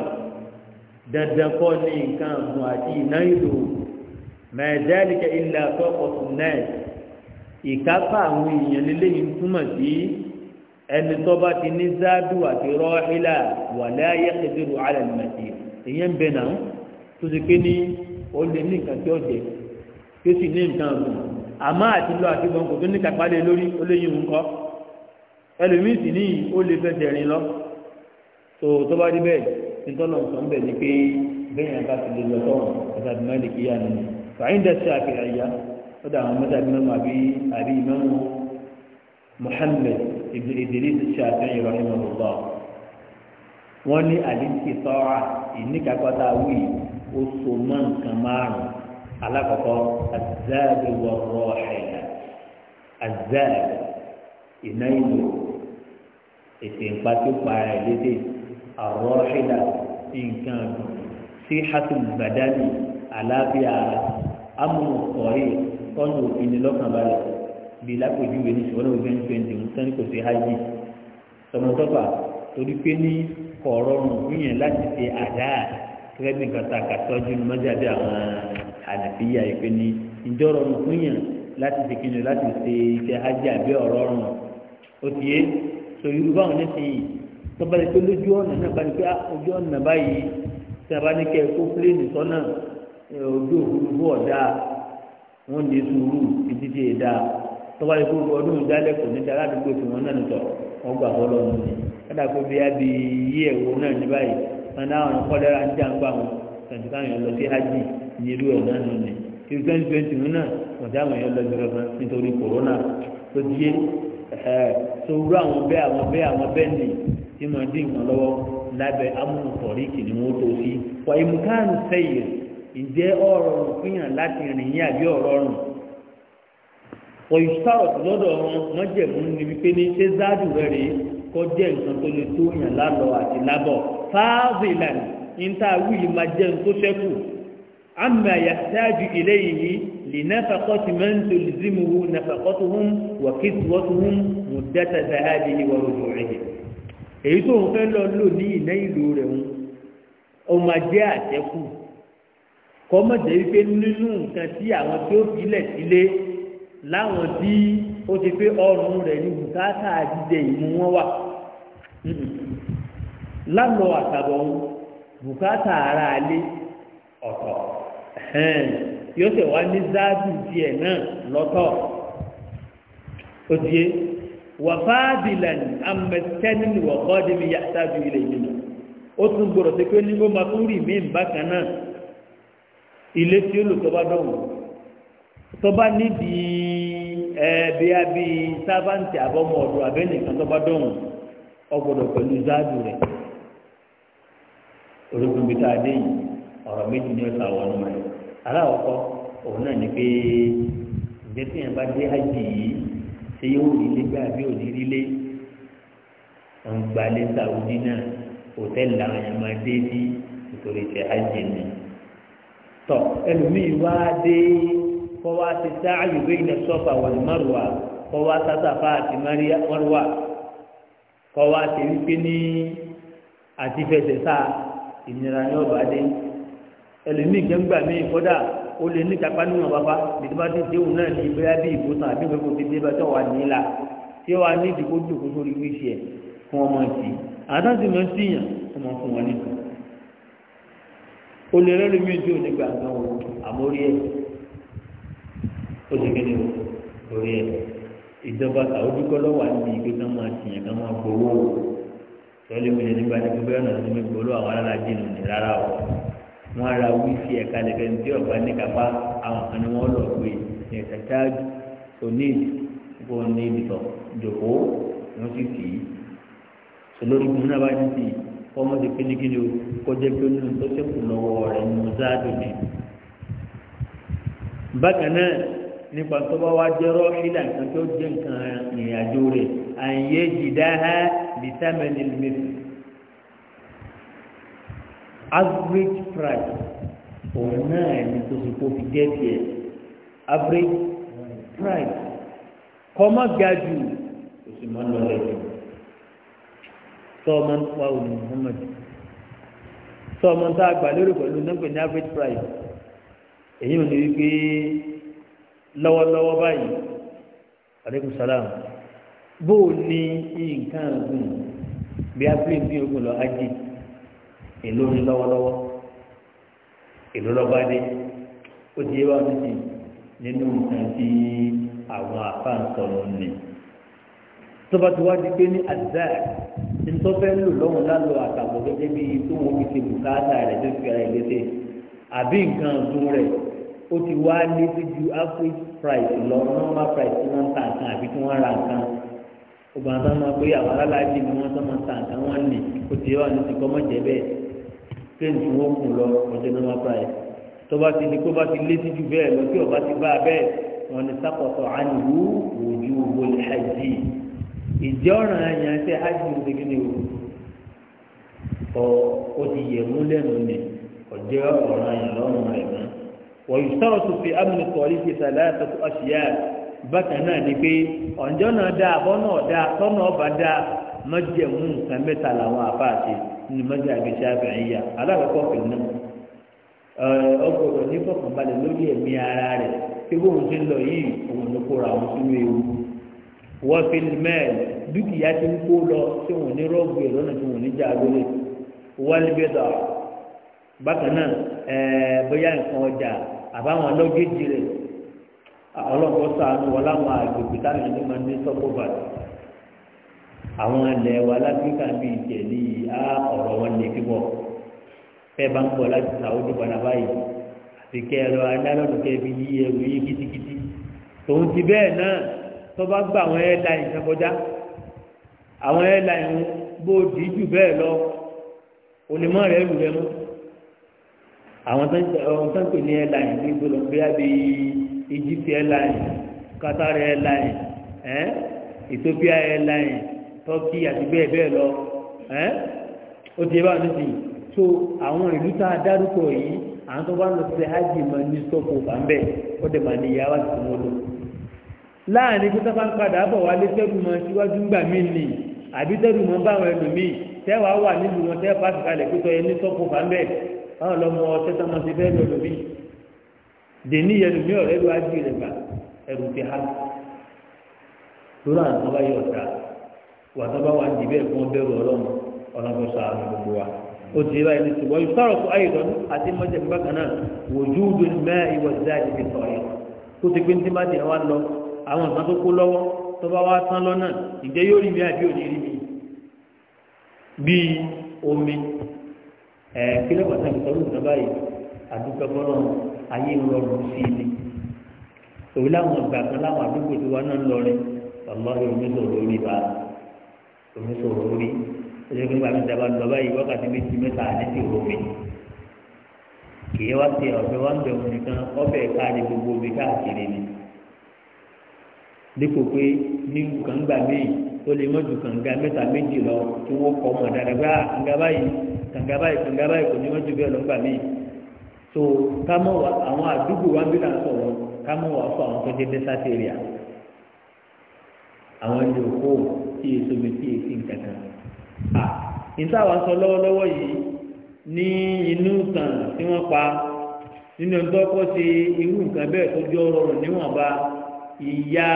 dandan kọ́ ní nǹkan ọ̀gbun àti iná ìlò mẹ̀ẹ́dẹ́lìkẹ́ ilẹ̀ àtọ́kọ̀tù náà ìkápá àwọn èèyàn lélẹ́yìn túmọ̀ sí ẹni tó bá ti ní záàdù àti rọ́ọ̀hílà wà láyé kẹfìrù alẹ́mẹ̀tì ìyẹn ń bẹ náà tó ní ó ní nǹkan tí ó jẹ tí sì ní nǹkan ọ̀gbun àmọ́ àti lọ àti gbọ̀ngàn tó ní kápá lé lórí ó lè ẹlòmíì sì ní ó lè fẹsẹ̀ rìn lọ tó tó bá rí bẹ́ẹ̀ nítorí ọ̀nà sọ̀n bẹ̀ ni pé bẹ́ẹ̀ yẹn bá ti lè lọ sọ̀rọ̀ ọ̀sàbí máa lè kí yá nínú fàáyín dẹ́sí àfihàn ìyá ó dà àwọn mọ́tàbí mẹ́mọ́ àbí àbí ìmọ̀mù muhammed ibn idris ṣàfihàn ìrọ̀lẹ́ mọ̀lúbọ̀ wọ́n ní àdínkì sọ́ra ìníkàkọ́tà wí ó so mọ́ nǹkan márùn-ún alákọ̀ọ́kọ́ azáàbí wọ́n rọ̀ azáàbí ìnáyìnbó ètè ńpa tí ó para ẹ̀ lédè àrọ́ ṣẹlá nǹkan ọ̀dùn sí hatul badani àlàáfíà ara amúnú kọ̀ọ̀rì tọ́jú òfin ní lọ́kànbalẹ̀ bíi lápèjúwe ní ìṣòwò náà twenty twenty ń sẹ́ni kò sí hajj tọmọtọ́fà torí pé ní kọ̀ọ̀rọ̀rùn yíyan láti ṣe àdáà gẹ́gẹ́ bí nǹkan tá a kà tọ́jú ní mọ́jáde àwọn àlàfíà yìí pé ní ìjọ́rọ̀rùn yíyan láti ṣe kíni láti ṣe iṣẹ́ hajj àbí ọ̀rọ̀rùn ó ti yé sòrí irú báwọn nísìn yìí tó bá lè pé lójú ọ̀nà náà bá ní pé ah, ojú ọ̀nà báyìí tí a bá ní kẹ́ kó pléènì sọ́nà ojú òfurufú ọ̀dà wọn lè sùúrù ìdíje ìdá tó bá lè pé ọdún ìdálẹ̀ kò ní dára àdúgbò tí wọ́n náà nìtọ̀ wọ́n gbà fọ́ lọ́nà ni kódà pé bí a bí yí ẹ̀wọ̀ náà ní báyìí wọn náà wọn kọ́ lẹ́ra ń jàǹgbà wọn twenty five lọ sí hajj ní irú ẹ̀ náà nù ní twenty twenty wọn náà wọ́n dáwọn yẹn lọ sí ọ̀nà ẹ̀ àwọn bẹ́ẹ̀ àwọn bẹ́ẹ̀ àwọn bẹ́ẹ̀ nì tí mo dín nǹkan lọ́wọ́ lábẹ́ amúnutọ̀rí kì ni wọ́n tó sí wà ìmùkánu sẹ́yìn ǹjẹ́ ọ̀rọ̀ fihàn láti rìn yín àbí ọ̀rọ̀ lọ́dọ̀ wọn wọ́n ni wípé ní ṣé záàdù rẹ̀ nǹkan tó tó yàn lálọ́ àti lábọ̀ ìlànà máa jẹ́ عما يحتاج إليه لنفقة من تلزمه نفقتهم وكسوتهم مدة ذهابه ورجوعه èyí tó ń fẹ́ lọ lò ní ìná ìlú rẹ̀ ń ọmọ jẹ́ àtẹ́kù kọ́mọ̀jẹ́ wípé nínú nǹkan tí àwọn tí ó filẹ̀ sílé láwọn tí ó ti pé ọrùn rẹ̀ ní bùkátà jíjẹ ìmú wọn wà lánàá àtàbọ̀ bùkátà ara alé ọ̀tọ̀. yóò tẹ̀ wá ní záàbù díẹ̀ náà lọ́tọ̀ ó di é wà fáàbìlànì amẹ́tẹ́nìlì wà kọ́ọ̀dìmí yá ilẹ̀ yìí ó tún gbọ́dọ̀ sí pé ní ó máa tún rì bákan náà ilé tí ó lò tó bá dọ̀wọ̀ tó bá nídìí ẹ̀ẹ́dì àbí sáfàǹtì àbọ̀mọ̀ ọ̀dọ̀ tó bá dọ̀wọ̀ ọgbọ̀dọ̀ pẹ̀lú rẹ̀ tá a ọ̀rọ̀ méjì ní ọ̀sà wọnú rẹ̀ aláwọ̀kọ́ òun náà ni pé ìjẹ́ tí yẹn bá dé hajj yìí ṣé yóò rí ilé gbé àbí òní rí ilé ọ̀ǹgbàlẹ̀ sàwùdí náà hòtẹ́ẹ̀lì làwọn yẹn máa dé sí nítorí ìṣe hajj ni tọ ẹlòmíì wá dé kọ́ wá ti sáàyù bẹ́ẹ̀ ní sọ́fà wà ní márùwà kọ́ wá sásàfà àti márùwà kọ́ wá ti rí pé ní àti fẹsẹ̀ sáà ìnira ní ọ̀bàdé ẹlòmíì gẹ́gbà míì kọ́dà ó lè ní kápá níwọ̀n bàbá bìtìbá ti déhùn náà ní ibẹ́yà bí ìbòsàn àbí ìwé kò ti dé bá tọ́wà nílà tí wàá ní ìdìbò jòkó sórí wíṣì ẹ̀ fún ọmọ ìtì àtàtì máa ń síyàn ọmọ fún wọn nìkan ó lè rẹ́ lómi ìjọ nígbà kan o àmórí ẹ̀ ó ti kéde o lórí ẹ̀ ìjọba sàwọ́dún kọ́ lọ́wọ́ àti ìgbé kan máa síyàn kan máa gbowó tọ́lé mi nígbà tí gbogbo ẹ̀ náà wọn ra wíìsì ẹ̀ka lẹ́fẹ̀ẹ́ tí ọ̀gbà níkàpá àwọn kan ní wọ́n lọ pé ẹ̀sẹ̀ táàgì òní ìfọ̀ ní ibìtọ̀ jòkó wọ́n sì tì í olórí ìgbìmọ̀ náà bá ti tì í kọ́mọ́ ti pé ní kí ni o kọjá pé nínú tó sẹ́kù lọ́wọ́ rẹ̀ nínú záàdù ni. bákan náà nípa tó bá wá jẹ́ rọ́ṣílà kan tó jẹ́ nǹkan ìrìn àjò àyè jìdá ha bìtámẹ́nì mẹ́fì average price òun náà ẹni tó ti kó fi jẹ́ tiẹ̀ average price kọ́mọ́ ga jù kò sì mọ́ lọ́lẹ̀ jù tọ́ọ̀mọ́ ń pa òun muhammed tọ́ọ̀mọ́ ń tá a lórí pẹ̀lú nígbà ní average price èyí ò ní wípé lọ́wọ́lọ́wọ́ báyìí aleykum salaam bó o ní nǹkan ọ̀gbìn bí a fi ń bí ogun lọ ajé ìlú ní lọ́wọ́lọ́wọ́ ìlú lọ́ba dé ó di ewa títì nínú nǹkan tí àwọn àfa ń sọ̀rọ̀ nì tó bá ti wá di pé ní àdìsá ntọ́fẹ́ lò lọ́hùn lálọ́ àtàbọ̀ gẹ́gẹ́ bí tó wọn fi ṣe bùkátà rẹ̀ tó fi ara ìlẹ́sẹ̀ àbí nǹkan ọ̀dún rẹ̀ ó ti wá lé sí average price lọ normal price tí wọ́n ń ta nǹkan àbí tí wọ́n ń ra nǹkan ọgbà tán máa pé àwọn aláàjì ni wọ́n tán ta nǹkan wọ́n nì ó ti yọ àwọn ti kọ́ bẹ́ẹ̀ kéńtì wọn kù lọ ọjọ́ náà wọn bá yẹ tó bá ti di kó bá ti létí ju bẹ́ẹ̀ lọ tí ọba ti bá a bẹ́ẹ̀ wọn ni sákòtò ànìwú òjú wọlé hajj ìjẹ́ ọ̀ràn àyàn ṣe hajj ló ti kéde o ó ti yẹ mú lẹ́nu ni ọjọ́ ọ̀ràn àyàn lọ́rùn rẹ̀ wọ́n yìí sọ̀rọ̀ tó fi amúnú kọ́lí ti sàlẹ̀ àtọ́kù ọ̀ṣìyà bákan náà ni pé ọ̀njọ́ náà dáa bọ́ náà dáa tọ́ dáa mọ́jẹ̀mú nǹkan mẹ́ta làwọn àfáàṣe nínú mọ́jẹ̀ àgbẹ̀ṣẹ́ àfẹ̀yìnyà alákọ̀ọ́kọ́ pẹ̀lú náà ọgbọ̀dọ̀ ní fọkànbalẹ̀ lórí ẹ̀mí ara rẹ̀ pé bóun ti ń lọ yìí òun ló kóra àwọn sínú ewu wọ́n fi mẹ́ẹ̀l dúkìá ti ń kó lọ tí òun ní rọ́ọ̀bù ẹ̀ lọ́nà tí ní já lórí bákan náà bóyá nǹkan ọjà àbáwọn lọ́gẹ́jì rẹ̀ àgbègbè táwọn máa ń ní àwọn ilẹ̀ wa láfíríkà bíi jẹ̀lí á ọ̀rọ̀ wọn lè fi bọ̀ fẹ́ bá ń bọ̀ láti sàwọ́dún padà báyìí àti kẹ́ ẹ̀rọ adálọ́dún kẹ́ fi yí ẹrù yí kitikiti tòun ti bẹ́ẹ̀ náà tó bá gba àwọn airline kan kọjá àwọn airline bó dì í jù bẹ́ẹ̀ lọ onímọ̀ rẹ̀ lù rẹ̀ mọ́ àwọn tó ń pè ní airline ní gbọ́dọ̀ bíi egypt airline qatar airline ethiopia airline tọ́kì àti bẹ́ẹ̀ bẹ́ẹ̀ lọ ó ti bá níbi tó àwọn ìlú tá a dárúkọ yìí àwọn tó bá lọ sí hajj máa ní sọ́kò bàbẹ́ ó dẹ̀ máa ní ìyá wa ti mú lò láàrin pé sábà ń padà bọ̀ wálé tẹ́rù mọ síwájú ńgbà mí nì àbí tẹ́rù mọ báwọn ẹlòmíì tẹ́wàá wà nílùú wọn tẹ́ẹ̀ pàṣẹ kalẹ̀ pé tọ́ yẹn ní sọ́kò bàbẹ́ báwọn lọ́mọ tẹ́tà máa ti fẹ́ lọ lòmíì dèní ẹlòmíì ọ̀rẹ́ lọ́wọ́ á jù rẹ̀ gbà ẹ̀rù ti há lórí àwọn ọba yóò wà tó bá wà ní ìbẹ̀rẹ̀ fún ọbẹ̀rù ọlọ́run ọlọ́run sọ àrùn gbogbo wa ó ti báyìí ní ṣùgbọ́n ìsọ̀rọ̀ fún ayélujára àti mọ́jẹ̀ bákan náà wòjú udu mẹ́ ìwọ̀ záàdì ti sọ̀rọ̀ kó ti gbé ní tí má lọ àwọn ìmọ̀ tó kó lọ́wọ́ tó bá wá tán lọ́nà ìjẹ́ yóò rí mi àbí òní rí mi bíi omi ẹ̀ kílẹ̀ pàtàkì sọ̀rọ̀ ìtàn báyìí àdúgbò bọ́lọ̀ ayé ń rọrùn sí i ni òun láwọn ìgbà kan láwọn omi sòrò orí ẹjọ́ pé bàmí ìjàmbá lọ báyìí wákàtí méjì mẹ́ta àdéhùn ìwò mi kìí wá sí ọ̀fẹ́ wá ń bẹ̀ wọn nìkan ọbẹ̀ káàdì gbogbo omi káàkiri ni dípò pé ní kànga míì ó lè mọ́jú kànga mẹ́ta méjì lọ tí wọ́n kọ́ ọmọ dáadáa pé ah kànga báyìí kànga báyìí kànga báyìí kò ní mọ́jú bẹ́ẹ̀ lọ́gbà míì so kámọ́ àwọn àdúgbò wa bí là sọ̀rọ̀ kámọ́ wa sọ àwọn tó dé dẹ́sátẹ́rì àti àwọn ẹni òkú tí èso mi tí èsì nǹkankan à ìtawà sọ lọ́wọ́lọ́wọ́ yìí ní inú tàn tí wọ́n pa nínú ìtọ́kọ́ ṣe irú nǹkan bẹ́ẹ̀ tó jọ rọrùn níwọ̀nba ìyá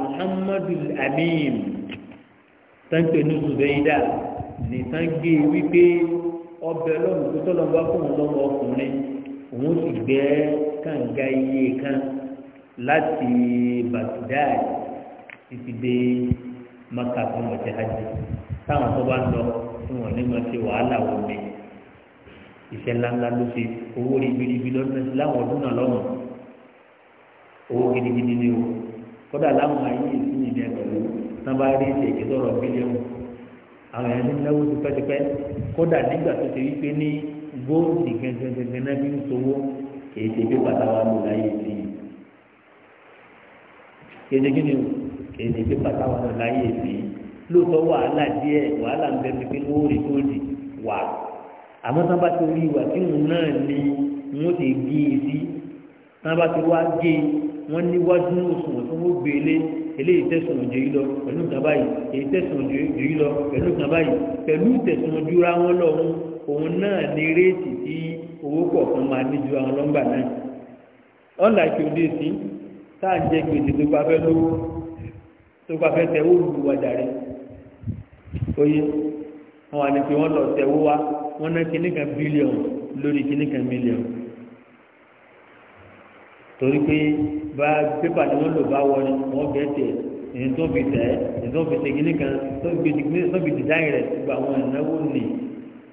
muhammadu amin sáńpẹ̀ ní zubẹ́yìdá ní sáńgbé e wípé ọbẹ̀ lọ́nà tó tọ́lọ̀ bá fún òun lọ́wọ́ ọkùnrin òun sì gbẹ́ kànga iye kan láti bagdad títí dé maka fún ọ̀jẹ̀ hajj táwọn tó bá ń lọ tí wọ́n ní máa ṣe wàhálà wọn mi iṣẹ́ ńláńlá ló ṣe owó ribiribi lọ́dún láwọn ọdún náà lọ́wọ́n owó gidigidi ni o kódà láwọn ayé ìsìn ìdẹ pẹ̀lú náà bá rí ìṣèjì sọ̀rọ̀ bílíọ̀nù àwọn ẹni náwó tipẹ́tipẹ́ kódà nígbà tó ṣe wípé ní góòlù gẹ́gẹ́gẹ́gẹ́ náà bí ń sowó kì í ṣe bí bàtà wà lò láyé ìsìn yìí èdè pé bàtà wà lọ láyé èdè lóòótọ́ wàhálà díẹ̀ wàhálà ń bẹ pípé lóòrè tó di wà àmọ́ sábà tó rí ìwà tí òun náà ní wọ́n ti gé e sí sábà tó wá gé wọ́n níwájú òṣùwọ̀n tó wọ́n gbélé eléyìí tẹ̀sán òjò yìí lọ pẹ̀lú kan báyìí èyí tẹ̀sán òjò yìí lọ pẹ̀lú kan báyìí pẹ̀lú tẹ̀sán ojú ra wọn lọ òun náà ní réètì tí owó kọ̀ọ̀kan máa ní ju àwọn lọ́ngbà náà ọ̀là ìṣòdì sí táà ń jẹ́ gbèsè tó fẹ́ lówó tó gba fẹ́ tẹ̀wó lù wá jàre oyè wọn àti pé wọn lọ tẹ̀wó wa wọn ná kíní kan bílíọ̀n lórí kíní kan mílíọ̀n torí pé bá pépà ni wọn lò bá wọ ni wọn bẹ tẹ èyí tó fi tẹ èyí tó fi tẹ kíní kan tó fi tẹ kíní tó fi dìdáì rẹ gba àwọn ìnáwó nì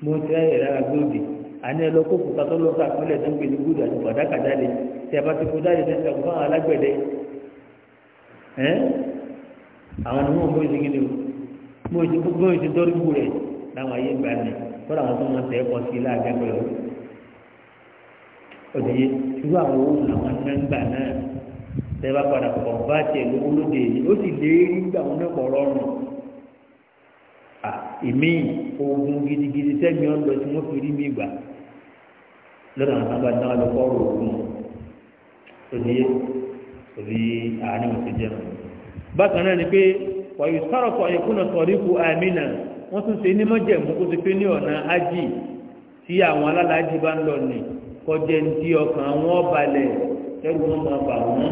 mo tẹ ẹ̀rọ agbóòdì àní ẹ lọ kó kùtà tó lọ sí àpẹẹrẹ tó ń gbé ní gúdù àti fàdákà jáde tẹ bá ti kó jáde tẹ ń fún àwọn alágbẹ̀dẹ ẹ àwọn ni wọn bóyá ìdíkìlì o bóyá ìdí dọ́rí bù rẹ̀ láwọn ayé gbà ní kọ́ra àwọn tó wọn tẹ̀ kọ́ sí láàgbẹ́ pẹ̀lú òdìyẹ irú àwọn owó làwọn náà ń gbà náà tẹ́ bá padà kọ̀ bá tiẹ̀ lówó lóde yìí ó sì lé nígbà wọn náà pọ̀ rọrùn ìmí ogun gidigidi sẹ́mi ọ̀dọ̀ tí wọ́n fi rí mi gbà lọ́dọ̀ àwọn sábà náà lọ́kọ́ ọ̀rọ̀ ogun òdìyẹ òbí àárín òṣèjẹ́ mi. bákan náà ni pé wàyí sárọ̀tọ̀ àyẹ̀kúnà sọ̀ríkù àmìnà wọ́n tún ṣe nímọ̀jẹ̀mú kó ti pé ní ọ̀nà ájì tí àwọn alálàájì bá ń lọ nì kọjẹ ti ọkàn àwọn ọbalẹ̀ ẹrù wọn máa bà wọ́n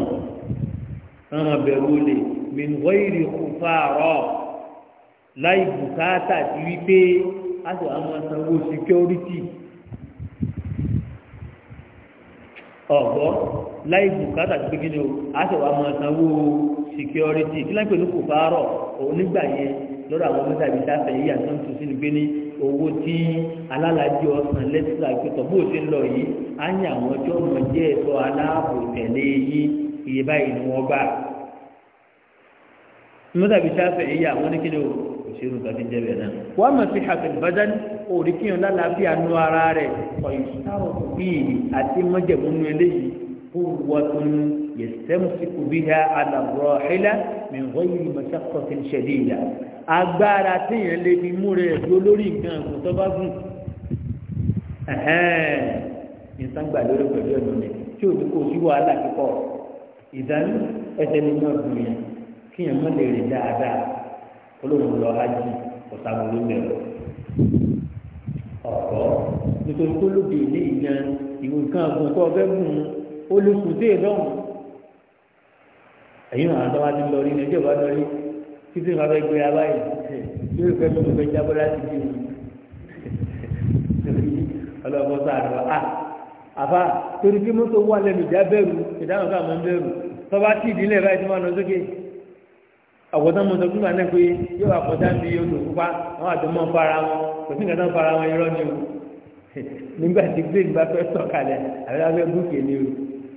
àwọn abẹ̀rù olè mìnwọ́ ìrì kùfààrọ̀ láì bùkátà ti a sì wá máa sanwó síkẹ́órítì ọ̀gbọ́ láì bùkátà ti pé kí ni o a sì wá máa security kí láńpẹ̀ ló kò bá rọ̀ onígbà yẹn lọ́dọ̀ àwọn mẹ́tàbí sáfẹ̀ yìí àti wọ́n tún sí ni pé ní owó tí alálàájọ ọ̀sán lẹ́tìlá ìpẹ́tọ̀ bó ṣe ń lọ yìí á ní àwọn ọjọ́ ọmọ jẹ́ ẹ̀tọ́ aláàbò tẹ̀lé yín iye báyìí ni wọ́n gbà. mẹ́tàbí sáfẹ̀ yìí àwọn ní kíni òṣèlú tàbí jẹ́bẹ̀ náà. wọ́n mọ̀ sí hafi badan òrìkíyàn lálàáfíà nú ara rẹ̀ ọ̀yìn sáwọ̀ bíi àti mọ́jẹ̀múnú eléyìí قوة يستمسك بها على الراحلة من غير مشقة شديدة agbára téèyàn lè fi mú rẹ̀ dúró lórí nǹkan ẹ̀kọ́ tó bá gùn ìsangbà lórí pẹ̀lú ẹ̀dùn rẹ̀ tí ò ní kó sí wàhálà kíkọ́ ìdánù ẹsẹ̀ ní yàn dùn yẹn kí yàn má lè rìn dáadáa olóhùn lọ ájì ọ̀sàgbọ̀n mẹ́rọ ọ̀rọ̀ nítorí kó lóde ilé ìgbà ìwé nǹkan ẹ̀kọ́ tó ọbẹ̀ gùn un olùkùdé lọ́hùn ẹ̀yin àwọn àtọ́wá ti lọ rí ní ẹjọ́ bá lọ rí títí wọn fẹ́ gbé abá yìí yóò fẹ́ tó fẹ́ jábọ́ láti bí mi ọlọ́mọ sáré wa a ah, àfa torí kí mọ́tò wà lẹ́nu ìjà bẹ̀rù ìdáhùn ká máa ń bẹ̀rù tọ́ba tí ìdílé báyìí tí wọ́n lọ sókè àwọ̀tán mọ́tò fún ìgbàlẹ́ pé yóò wà kọjá sí odò pupa àwọn àtọmọ́ fara wọn kò sí nǹkan tó fara wọn irọ́ ni o <laughs> nígbà tí gbé ìgbà fẹ́ sọ̀kalẹ̀ àbẹ́lẹ́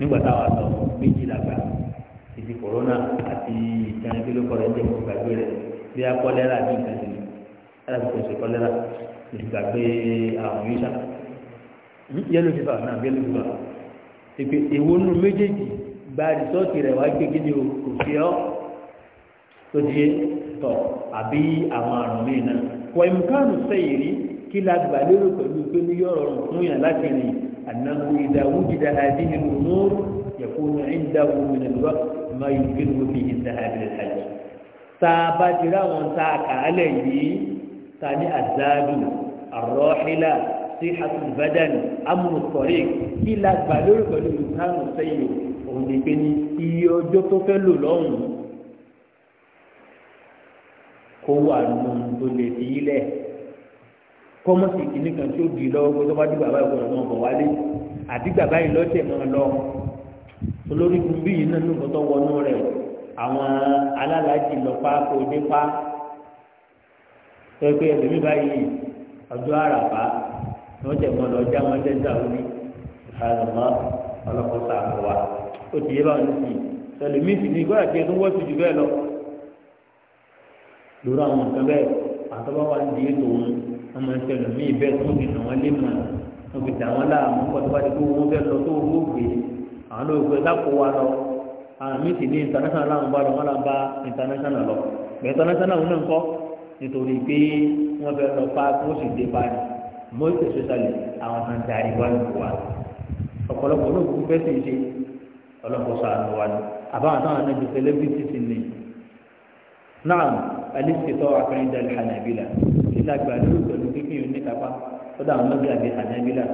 nígbà táwa sọ méjì làgbà ìdí kòrónà àti ìtẹnudínlókọ rẹ jẹ fún gbàgbé rẹ bí akọlẹ́rà ní nǹkan sí alábìkọ sí kọlẹ́rà lè gbàgbé àwọn yíṣà yẹlò fífà náà yẹlò fífà èpè èwo nù méjèèjì gba rìsọ́ọ̀tì rẹ̀ wá gbé gidi o kò fi ọ́ tó di é tọ̀ àbí àwọn àrùn míì náà wọ ìmùkánù sẹ́yìn rí kí la gbà lérò pẹ̀lú pé ní yọ̀rọ̀ rùn fún yàn láti rìn أنه إذا وجد هذه الأمور يكون عنده من الوقت ما يمكنه فيه الذهاب الحج. سابترا وانتاك عليه ثاني الزاد الراحلة صحة البدن أمر الطريق إلا بلور بلور كان سيء ونبني يوجد تفلو لون هو المنزل في له kọ́mọ̀sì kìíní kan tí ó di lọ́wọ́ tó bá dìgbà báyìí kọ́ ọmọ ọ̀bọ̀ wálé àdìgbà báyìí lọ́tẹ̀ máa lọ olórí gúnbí yìí náà lóko tó wọnú rẹ̀ àwọn alálàájì lọ́pá kò nípa tó pé ẹ̀mí báyìí ọjọ́ àràbá ni wọ́n tẹ̀ mọ́ lọ já wọn lẹ́sà orí àlọ́mọ́ ọlọ́kọ̀ọ́sà wa ó ti yé báwọn sì sẹlẹ̀mí sì ni gbọ́dọ̀ tiẹ̀ tó wọ́ọ̀sì jù bẹ́ẹ̀ lọ lórí àwọn nǹkan bẹ́ẹ̀ àtọ́wọ́ wa ń di ètò òun wọn máa ń tẹlẹ mí ìbẹ tó fi nà wọn lé mọ wọn fi dà wọn láàmú pọtù wá dípò wọn fẹẹ lọ tó owó gbé àwọn náà gbé sápò wa lọ àwọn míì sì ní international làwọn bá lọ wọn là ń bá international lọ bẹ international wọn náà ń kọ nítorí pé wọn fẹẹ lọ pa tó sì dé báyìí mọ́tò sọ́sàlì àwọn kan darí wá ní wa ọ̀pọ̀lọpọ̀ náà kúkú sì ṣe ọlọ́pọ̀ sọ wa ni àbáwọn táwọn náà di celebrity ti ní. náà alẹ́ ṣètò àkàndá ìlànà ìbílà ìlàgbà lórí pípé yìí níkàpá ó dà wọn lọ́gbẹ́ àbí ànábìlà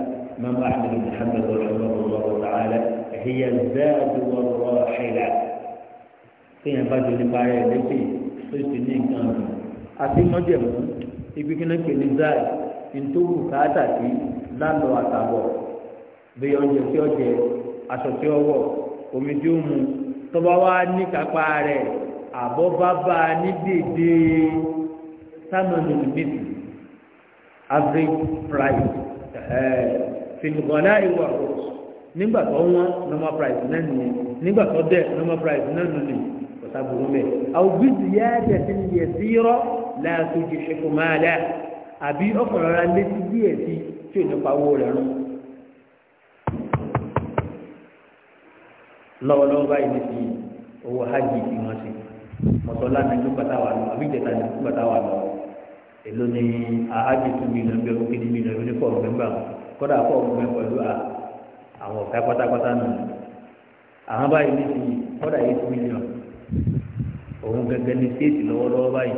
mọ́mọ́ àbẹ̀lẹ̀ muhammed ọ̀rọ̀ ọ̀rọ̀ ẹ̀yẹ zẹ́ẹ̀dù ọ̀rọ̀ ṣẹlẹ̀ téèyàn bá jọ nípa rẹ̀ lẹ́sẹ̀ tó sì ní nǹkan ọ̀rọ̀ àti mọ́jẹ̀mú ibi kí náà kéde zai ntòwù káàtà sí lálọ́ àtàbọ̀ bí ọjọ́ tí ọjẹ́ aṣọ tí ọwọ́ omi tí ó mu tọ́ba wá ní kápá rẹ̀ àbọ̀ bá bá a ní dèdè sámánù níbi average price fìlìkọ̀lá ìwà ọ̀rọ̀ nígbà tó wọ́n normal price náà nìyẹn nígbà tó dẹ̀ normal price náà burú mẹ́. àwùjọ yá yẹ sí láti ju máa dá àbí ọkùnrin díẹ̀ sí tí ò ní pa owó rẹ̀ rún. lọ́wọ́lọ́wọ́ báyìí ní ti owó hajj mọ̀tọ́lá ní lọ àbí ìjẹta ní èló ni àhájì tún mi lọ́nbẹ́ ó kéde mi lọ́nbẹ́ ní fọ́ọ̀mù mẹ́mbà kọ́dà fọ́ọ̀mù mẹ́ pẹ̀lú àwọn ọ̀gá pátápátá nù àwọn báyìí ní ti kọ́dà eight million òun gẹ́gẹ́ ní stéètì lọ́wọ́lọ́wọ́ báyìí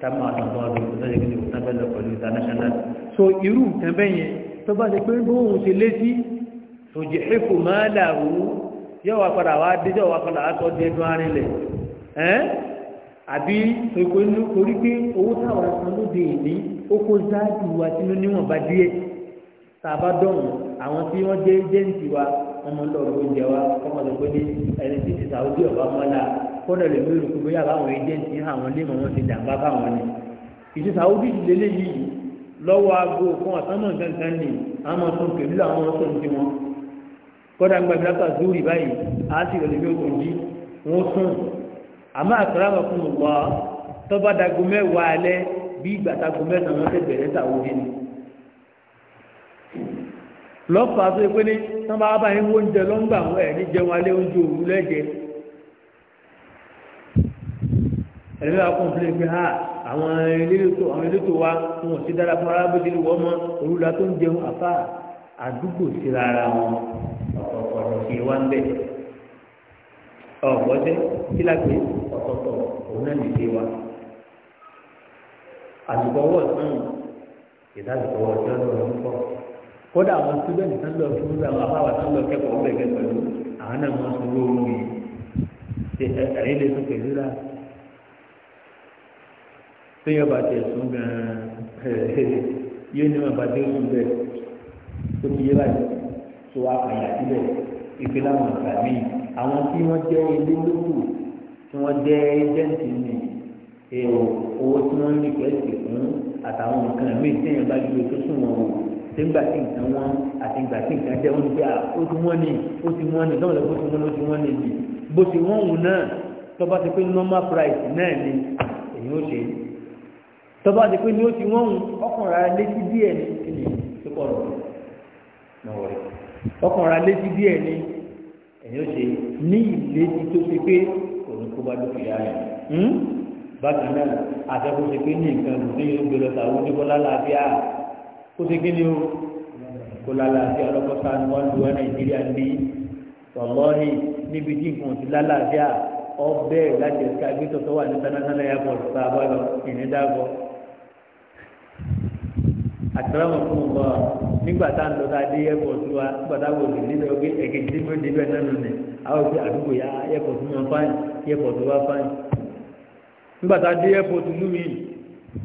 táwọn àtàwọn ọdún tó tẹ́lẹ̀ kí wọ́n fẹ́ pẹ̀lú international so irú nǹkan bẹ́ẹ̀ yẹn tó bá ṣe pé bóun ṣe létí tòjì ẹ̀fọ́ máa dàrú yóò wá padà wá dé yóò wá àbí èkó inú torí pé owó táwọn san lóde ìní ó kó záàdù wa sínú níwọ̀n bá díẹ̀ tá a bá dọ̀hùn àwọn tí wọ́n jẹ́ jẹ́ǹtì wa wọ́n máa ń lọ́ọ̀rọ̀ oúnjẹ wa wọ́n máa lọ pé ní ẹni tí ti sàwọ́dí ọ̀bá mọ́lá kọ́dọ̀ lè lórí kó bóyá báwọn ẹjẹ́ǹtì àwọn lé mọ̀ wọ́n ti dàgbà báwọn ni ìṣe sàwọ́dí ìdílé yìí lọ́wọ́ aago fún àtọ́nà gangan ni àwọn ọmọ tó ń pèlú àwọn ọmọ tó ń ti wọn kọ́dà ń gbàgbé látà zúrì báyìí á sì lọ lè lórí kò jí wọ́n sùn àmọ́ àkàràmọ fún mi wọ tọba dago mẹ́wàá alẹ́ bí ìgbà dago mẹ́sàn án lọsẹ bẹ̀rẹ̀ sàwọn òde ni lọ́pàá tó yẹ pé ní tọ́ bá bá yín oúnjẹ lọ́ngbà àwọn ẹ̀ ní jẹun alẹ́ oúnjẹ òru lẹ́jẹ́ ẹ̀rí wa kún fún ẹgbẹ́ ha àwọn elétò àwọn elétò wa wọn ò dára fún arábó délé wọ́n mọ́ òrùlá tó ń jẹun àfà àdúgbò sí rárá wọn ọ̀pọ̀lọpọ̀ sí wa ń bẹ̀ ọ̀gbọ́dẹ́ kí la gbé ọ̀tọ̀ọ̀tọ̀ òun náà nìgbé wa àsìkò ọwọ́ ìsàn ìdásìkò ọwọ́ ìjọ lọ́wọ́ ń pọ̀ kódà àwọn síbẹ̀lì tán lọ fún ìgbà wọn àbáwá tán lọ kẹ́kọ̀ọ́ bẹ̀gẹ́ pẹ̀lú àwọn náà wọ́n sọ lóhùn yìí ṣe ẹ̀yìn lè tún pẹ̀lú rà tó yẹ bàtẹ̀ sùn gan-an <laughs> yóò ní wọn bàtẹ̀ sùn bẹ́ẹ̀ tó ti yé báyìí tó wà pàyà síbẹ̀ ìpínlẹ̀ àwọn àgbà míì àwọn tí wọ́n jẹ́ ilé lóko tí wọ́n jẹ́ ẹjẹ́ǹtì ní èrò owó tí wọ́n ní pẹ́ẹ́sì fún àtàwọn nǹkan míì tí èèyàn bá ju ètò sùn wọn wò sígbà tí nǹkan wọn àti ìgbà tí nǹkan jẹ́ wọn gbé ó ti wọ́n ní ó ti wọ́n ní lọ́wọ́ lọ́wọ́ tó ti wọ́n ní bí bó ti wọ́n wù náà tọ́ba ti pé normal price náà ni èyí ó ṣe tọ́ba ti pé ní ó ti wọ́n wù ọkùnrin létí díẹ̀ ní kíni tó kọ̀ lọ́wọ́ ọkùnrin létí díẹ̀ ní ni ó ṣe ní ìlédí tó ṣe pé òun kó bá dúkìá rẹ̀ hmm? bákan náà àtẹkùn ṣe pé ní nǹkan lòdì yóò gbé lọ sàwọn oníkó lálàáfíà kó ṣe kí ni o kó lálàáfíà ọlọ́kọ́sá ni wọ́n lu wọn nàìjíríà ní tọ̀lọ́ọ̀nì níbi tí nǹkan ti lálàáfíà ọbẹ̀ láti ẹ̀ka ẹgbẹ́ tọ̀tọ̀ wà ní sanásaná yàgò ọ̀sán àbọ̀lọ̀ ìnídàgbọ̀ àtẹ̀wọ́n fún un bọ́ nígbà tá à ń lọ tá a dé airport wa nígbà tá a wò lè nílẹ̀ ọgbẹ́ ẹ̀kejì tí mo débẹ̀ náà nù ní àwọn òbí àdúgbò yá airport mọ́ fáìn airport wa fáìn nígbà tá a dé airport lú mi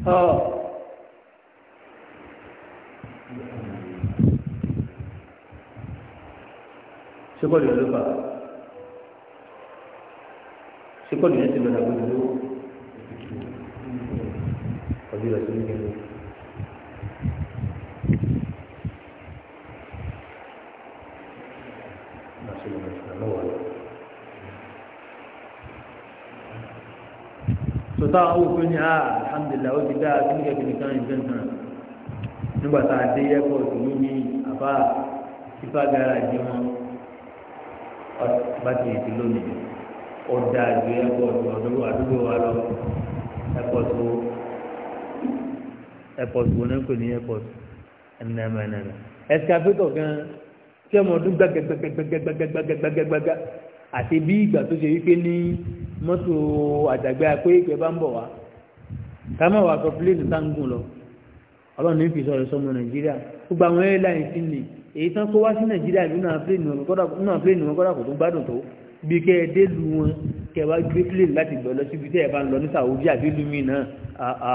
ọ sekọdi ló fà sekọdi yẹn ti lọ dàgbò ló ọdún yẹn ti ìlànà ìlànà wà lọ. sọ̀tà àwọn òkú ní a alhamdulillah ó ti dá a kíníkẹ́ kíníkan ìjẹun kan nígbà tá a dé airport ló ní àbá ìfá gáràjì wọn bàtì ètò lónìí ọ̀dà àjò airport ọ̀dọ́gbọ̀ àdúgbò wa lọ airport wo airport ń pè ní airport ẹnìyàn ẹ̀sìkàfẹ́tọ̀ gan-an tí ọmọ ọdún gbẹgbẹgbẹgbẹgbẹgbẹgbẹgbẹgbẹgbẹgbẹgbẹ àti bí ìgbà tó ṣe wípé ní mọ́tò àjàgbé pé ìpè bá ń bọ̀ wá ká má wàá sọ pílẹ̀tì táǹgùn lọ ọlọ́run ní fi sọ̀rọ̀ sọmọ nàìjíríà gbogbo àwọn airline ti nì èyí tán kó wá sí nàìjíríà ìlú náà pílẹ̀nì wọn kọ́dà kò tó gbádùn tó bí kẹ́ ẹ dé lu wọn kẹ́ wá gbé pílẹ̀nì láti gbọ́ lọ síbi tẹ́ ẹ bá ń lọ ní sàwùjí àbí lumi náà àà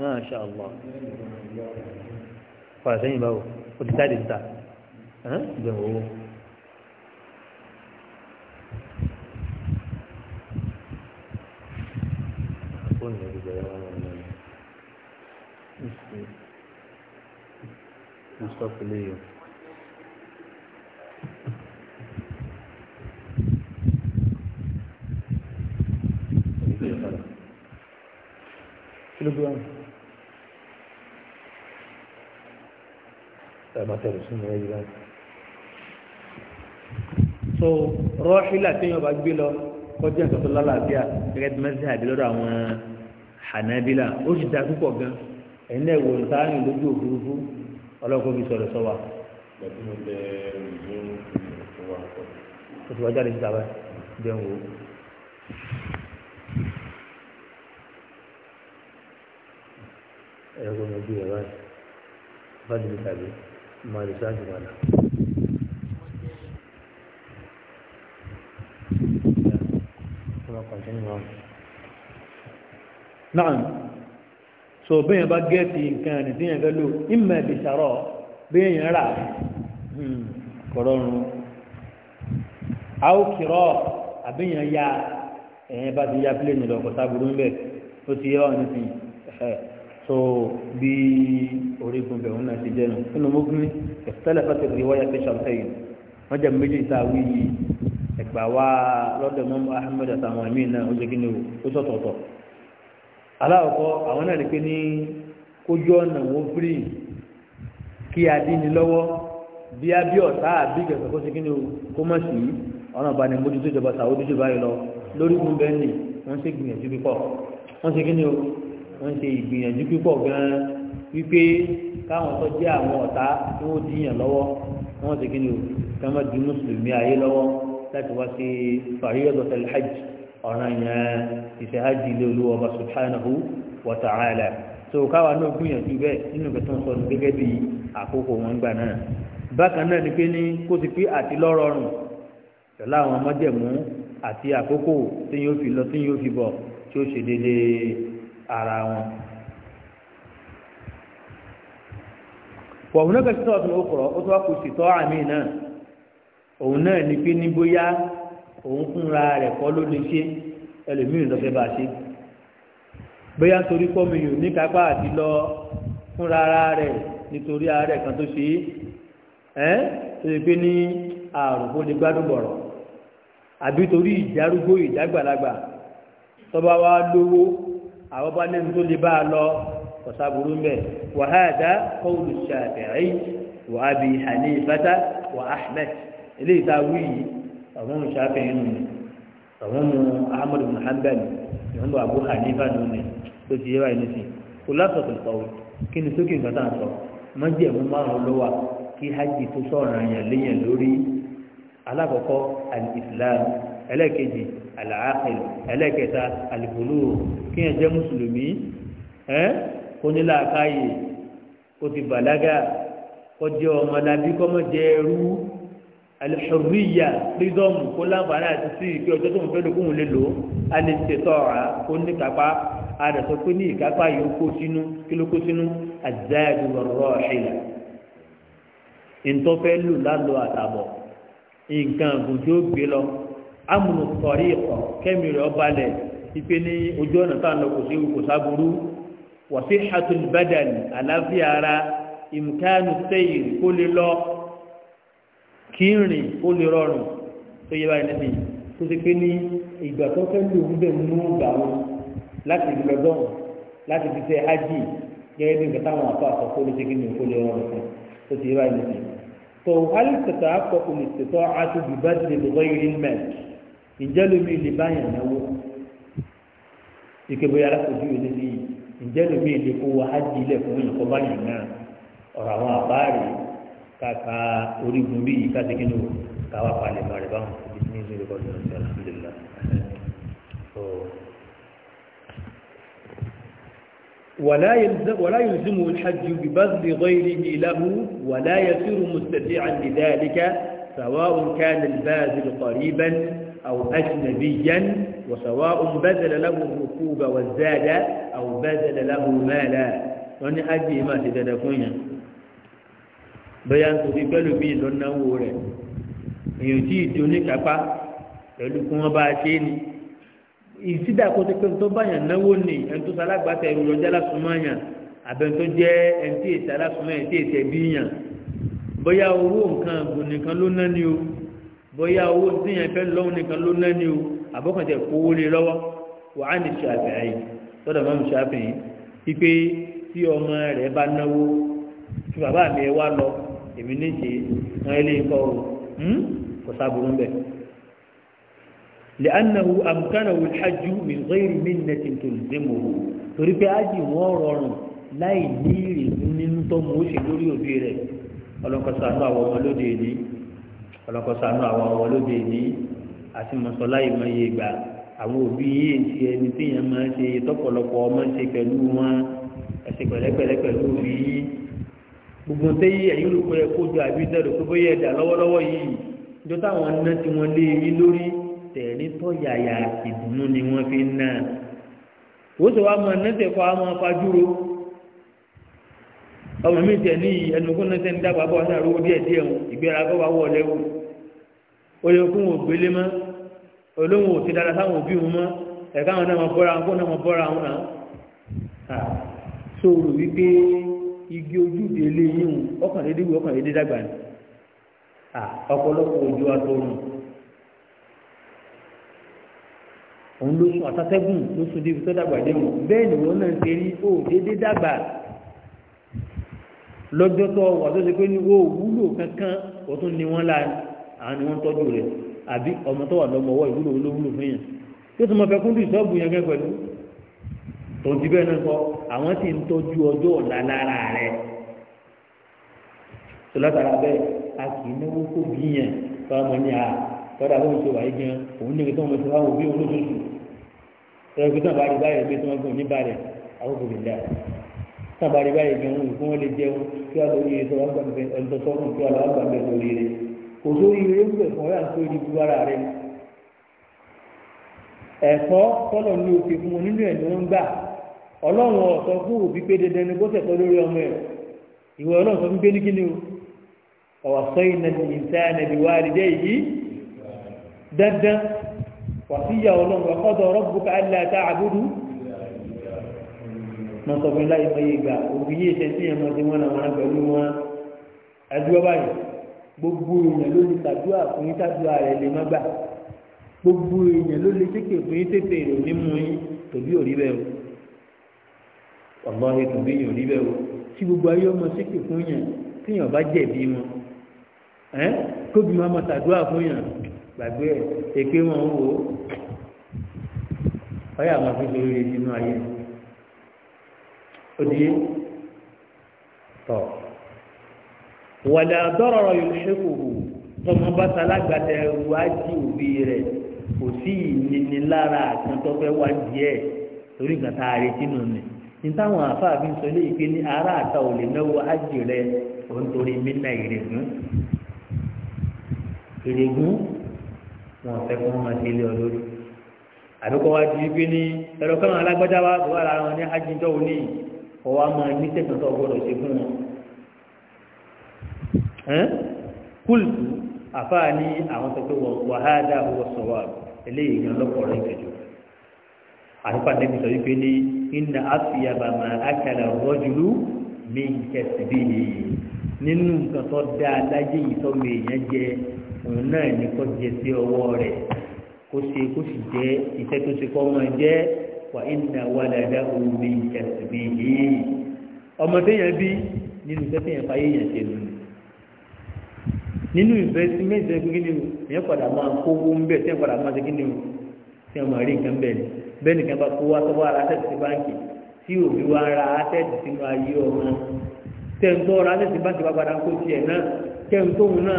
náà ṣàlọ́ fàṣẹyìn báwo ó ti jáde níta jọ̀wọ́ fóònù yẹn ti bẹ̀rẹ̀ wọn lọ́nà ìsìn ìsọ̀kùlé yìí. kí ló gbé wọn. ẹ máa tẹ̀lé sínú ẹyí báyìí so rọ́ṣílà téèyàn bá gbé lọ kọjá ìtọ́tọ́ lálàáfíà gẹ́gẹ́ bí mẹ́sì àdìlọ́dọ̀ àwọn hànábílà ó sì da púpọ̀ gan ẹ̀yin náà wò ń ta àyìn lójú òfurufú ọlọ́kọ́ fi sọ̀rọ̀ sọ wa. òṣùwájú àdìsí tàbá jẹun wò. ẹ̀rọ mi ojú ẹ̀ báyìí bá dìbò tàbí màá lè ṣáàjì wà náà. we'll continue on. Naam. So bẹ́yẹn bá gẹ́ẹ̀tì nǹkan ẹni tí yẹn fẹ́ lò, ìmọ̀ ìbìsàrọ̀ bẹ́yẹn rà hmm, kọ̀rọ̀rùn. Àókìrọ̀ àbẹ́yẹn ya ẹ̀yẹn bá ti ya pílẹ̀nì lọ kọ̀tà burú ń bẹ̀. Ó ti yẹ ọ́ ní ti ẹ̀ so bí orígun bẹ̀rún náà ti jẹ́nu. Inú mọ́gún ní ẹ̀fẹ́lẹ̀ fẹ́ ẹ̀gbà wá lọ́dọ̀ mọ́mọ́ ahmed àtàwọn ẹ̀mí náà ó jẹ́ kí ni ó sọ̀tọ̀ọ̀tọ̀ aláwọ̀kọ́ àwọn náà rí pé ní kójú ọ̀nà wọn fírì kí adíni lọ́wọ́ bí abíọ̀tá àbí kẹfẹ́ kó ṣe kí ni o kó mọ̀ sí ọ̀nà ọba ni mójútó ìjọba sàwọ́ ojútó báyìí lọ lórí fún bẹ́ẹ̀ ni wọ́n ṣe gbìyànjú pípọ̀ wọ́n ṣe kí o wọ́n ṣe ìgbìyànjú pípọ̀ gan wípé káwọn tó jẹ́ àwọn ọ̀tá tí wọ́n lọ́wọ́ wọ́n ṣe kí o kí di mùsùlùmí ayé lọ́wọ́ láti wá sí fàríyọ́dọ̀tẹ̀lẹ̀ hajj ọ̀ràn yẹn ìṣe hajj ilé olúwa ọba subhanahu wa ta'ala so káwa náà gbìyànjú bẹ́ẹ̀ nínú ìgbà tó ń sọ gẹ́gẹ́ bí àkókò wọn gbà náà bákan náà ni pé ní kó ti pé àti lọ́rọ̀ọ̀rùn pẹ̀lú àwọn mọ́jẹ̀mú àti àkókò tí yóò fi lọ tí yóò fi bọ̀ tí ó ṣe déédéé ara wọn. wọ̀hún náà kẹ́sìtọ́ ọ̀tún ó kọ̀rọ̀ ó tún wá kó sì tọ́ àmì náà òun náà ni pé ní bóyá òun fúnra rẹ̀ kọ́ ló lè ṣe ẹlòmíràn lọ́fẹ́ bá ṣe bóyá nítorí kọ́mi yòó ní kápá àti lọ fúnra ara rẹ̀ nítorí kan tó ṣe é tó lè pé ní àrùn kó lè gbádùn bọ̀rọ̀ àbí torí ìjárúgbó wa lówó àwọn bá tó lè bá a lọ ọ̀sàbùrú ṣàbẹ̀rẹ̀ hàní eléyìí tá a wí yìí àwọn ọmọ ìṣàfihàn nù àwọn ọmọ ahmadu muhammed ìwọ̀n bá abu hanifa nù ní tó ti yé wáyé ní sìn kò lásọ̀tò ìkọ̀wé kí ni sókè nǹkan tá à ń sọ mọ́jẹ̀mú márùn ló wà kí hajj tó sọ̀rọ̀ àyàn léyìn lórí alákọ̀ọ́kọ́ alìsílám ẹlẹ́ẹ̀kejì àlàáfẹ́ ẹlẹ́ẹ̀kẹta àlìbòló kí yẹn jẹ́ mùsùlùmí ẹ́ kó ní kó ti bàlágà kó jẹ́ ọmọlábí kọ́mọ jẹ́ ẹrú alihurriya rizọmu kó láǹfààní àti sí ìpè ọjọ́ tó ń fẹ́ lókun lè lò á lè ṣètò ọ̀rá ó ní kápá àdàtọ̀ pé ní ìkápá yìí ó kó sínú kí ló kó sínú àzáàdù rọ̀rọ̀ ọ̀ṣìlá ntọ́fẹ́ lù lálọ́ àtàbọ̀ nǹkan àgùnjó gbé lọ amúnú sọ̀rí ìkọ̀ kẹ́mi rẹ̀ ọbalẹ̀ ipe ní ojú ọ̀nà tá à kò sí kò sáburú wàsí hatul badal àlàáfíà ara ìmùkánu sẹ́yìn kó lè lọ kí ń rìn ó lè rọrùn tó yẹ báyìí níbi tó ti pé ní ìgbà tó fẹ́ lò ń bẹ̀ mú gbà wọn láti lọ́dọ̀ láti fi ṣe ájì gẹ́gẹ́ bí nǹkan táwọn àpá àtọ́ kó lè ṣe kí ni ó lè rọrùn fún tó ti yẹ báyìí níbi. tó alìsètò akọkọ olùsètò àtúbí bá ti lè lọ́wọ́ irin mẹ́t ǹjẹ́ lómi lè bá yàn náwó ìkébé alákòjú yìí ǹjẹ́ lómi lè kó wa ájì ilẹ̀ fún ìkọ́bá yàn náà ọ̀rọ̀ àwọn àbá rèé kàkà orígun bí yìí káti kí ni káwá palẹ̀ mọ́ rẹ̀ báwọn ibi tí nínú ìlú kọ́ni ọ̀sẹ̀ alhamdulilá. ولا يلزم الحج ببذل غيره له ولا يصير مستطيعا لذلك سواء كان الباذل قريبا أو أجنبيا وسواء بذل له الركوب والزاد أو بذل له مالا وأن أجي ما تدركون bóyá nítorí pẹ́lú bí ìlọ́náwó rẹ̀ èyàn tí ì di oníkápá pẹ̀lú kí wọ́n bá a ṣe é ni ìsídà kó tó pé tó báyàn náwó ni ẹni tó salágbàtà ẹrù lọ́jà lásùmáyàn àbẹ̀ni tó jẹ́ ẹni tí èsì alásùmáyàn tí èsì ẹbí yàn bóyá owó nǹkan ọ̀gùn nìkan ló ná ni o bóyá owó tíyàn fẹ́ lọ́wọ́ nìkan ló ná ni o àbọ̀kànjẹ̀ kówó lé lọ́wọ́ wà ní ṣàfihàn sọ́dọ̀ mọ́mú èmi ní ṣe wọn ilé ikọ o hmm? kò sábòrò ń bẹ. lẹ́annahu amkanahu hajju min ghairi minnati tulzimuhu torí pé ájì wọn rọrùn láì ní ìrìnnú nínú tó mú ó ṣe lórí òbí rẹ̀ ọlọ́kọ̀sánú àwọn ọmọ lóde ìní ọlọ́kọ̀sánú àwọn ọmọ lóde ìní àti mọ̀sọ́lá ìmọ̀ye ìgbà àwọn òbí yìí ti ẹni tí yẹn máa ń ṣe tọ́pọ̀lọpọ̀ ọmọ ń ṣe pẹ̀lú wọn ẹ̀sìn pẹ̀lẹ́pẹ̀lẹ́ pẹ̀lú òbí yìí gbogbo tẹ́yí ẹ̀yìn olùkọ́ yẹ kó jọ àbí dẹ́rù pé bóyá ẹ̀dà lọ́wọ́lọ́wọ́ yìí ìjọ táwọn ná tí wọ́n lé yín lórí tẹ̀lé tọ́yàyà ìdùnnú ni wọ́n fi ná ó sì wá máa nẹ́sẹ̀ kọ́ á máa fajúro ọmọ mi tẹ̀ ní ẹnukún náà sẹ́ni dábàá bọ́ sáà rówó díẹ̀ díẹ̀ wọn ìgbéra kọ́ wá wọ̀ lẹ́wọ̀ ó lè kún wọn gbélé mọ́ olóhùn òsì dára sáwọn òbí wọn mọ́ ẹ̀ka àwọn náà mọ̀ bọ́ra wọn kó náà mọ̀ bọ́ra wọn náà igi ojúde ilé yín o ọkànlédé wí ọkànlédé dàgbà ni ọ̀pọ̀lọpọ̀ ojú atọ́run òun ló sùn àtàtẹ́gùn ló sùn débi tó dàgbà dé wọn bẹ́ẹ̀ ni wọn náà ń ṣe rí o déédéé dàgbà lọ́jọ́ tó wà tó ṣe pé ní o wúlò kankan o tún ni wọ́n la àwọn ni wọ́n tọ́jú rẹ̀ àbí ọmọ tó wà lọ́mọ ọwọ́ ìwúlò olówúlò fún yẹn tó tún mọ fẹ́ kúndùn ìṣọ́ọ̀bù yẹn gẹ́gẹ́ pẹ̀lú tòun ti bẹ́ẹ̀ náà kọ́ àwọn sì ń tọ́jú ọjọ́ ọ̀la lára rẹ̀ tòlátara bẹ́ẹ̀ a kì í náwó kó bíyàn fáwọn ní a fún òun ní ọmọ olóṣooṣù fún báyìí ní balẹ̀ kò lè dá sábà rí báyìí gan òun fún wọn lè jẹun kí wọ́n lórí sọ́wọ́n kí wọ́n lórí kò sórí ń ọlọ́run ọ̀sọ́ fún òbí pé dandan ni kó tẹ̀tọ́ lórí ọmọ ẹ̀ ìwọ ọlọ́run sọ fún pé ní kí ni o ọ̀sọ́ ìnàbí wà nídẹ́ yìí dandan wà sí ìyá ọlọ́run ọkọ́dọ̀ rọ́bùkà aláta àbúrú mọ gbogbo èèyàn ló lè tàdúrà fún yín tàdúrà rẹ lè má tòbí òrí bẹ́ẹ̀ ọ̀gbọ́n ètò gbìyàn níbẹ̀ o tí gbogbo ayé ọmọ síkì fún yàn tíyàn bá jẹ̀bi wọn ẹ́ kóbi máa máa tàdúrà fún yàn gbàgbé ẹ̀ èké wọn ń wò ó ọyà máa fi lórí rẹ nínú ayé ó dìé tọ̀ wàlẹ̀ àdọ́rọ̀rọ̀ yóò ṣekù tọmọ bá salágbàtẹ wájú òbí rẹ kò sí ìnínilára àtúntọ́fẹ́ wájú ẹ̀ torí nǹkan tá a retí nù ni nítawọ̀n àfáàbí ń sọ ilé ìpé ní ará àta ò lè náwó ájì rẹ òun torí mínà ìrègùn ìrègùn wọn fẹ́ kó wọn máa ṣe ilé ọlórí àbíkọ́ wa di wípé ní ẹ̀rọ káwọn alágbájá wa tó wà lára wọn ní ájì tó ní ọwọ́ máa ní tẹ̀sán tó gbọ́dọ̀ ṣe fún wọn. kúlùtù àfáà ní àwọn tó pé wàhálà wọ sọ̀wọ́ eléyìí gan lọ́pọ̀ rẹ̀ ìgbẹ́jọ́ àti pàtẹ́kì sọ wípé ní inna afiyaba ma akala rọjulu mi kẹsìbìlì nínú nǹkan tó dáa láyé yìí tó mi èèyàn jẹ òun náà ní kó jẹ sí ọwọ́ rẹ̀ kó ṣe kó sì jẹ iṣẹ́ tó ṣe kọ́ máa jẹ́ wà inna wàlàdà omi kẹsìbìlì ọmọdé yẹn bí nínú iṣẹ́ tó yẹn fàyè yẹn ṣe lónìí nínú investment ẹgbẹ́ gíní o èèyàn padà máa kówó ń bẹ̀ tẹ́ padà máa ṣe gíní o tí wọ́n rí nǹkan bẹ́ẹ̀ ni. bẹ́ẹ̀ nìkan bá kó wá sọ́wọ́ ara asẹ́tì sí báńkì tí òbí wa ra asẹ́tì sínú ayé ọmọ tẹ̀ǹtọ́ ra asẹ́tì báńkì bá padà kó tiẹ̀ náà tẹ̀ǹtọ́ òun náà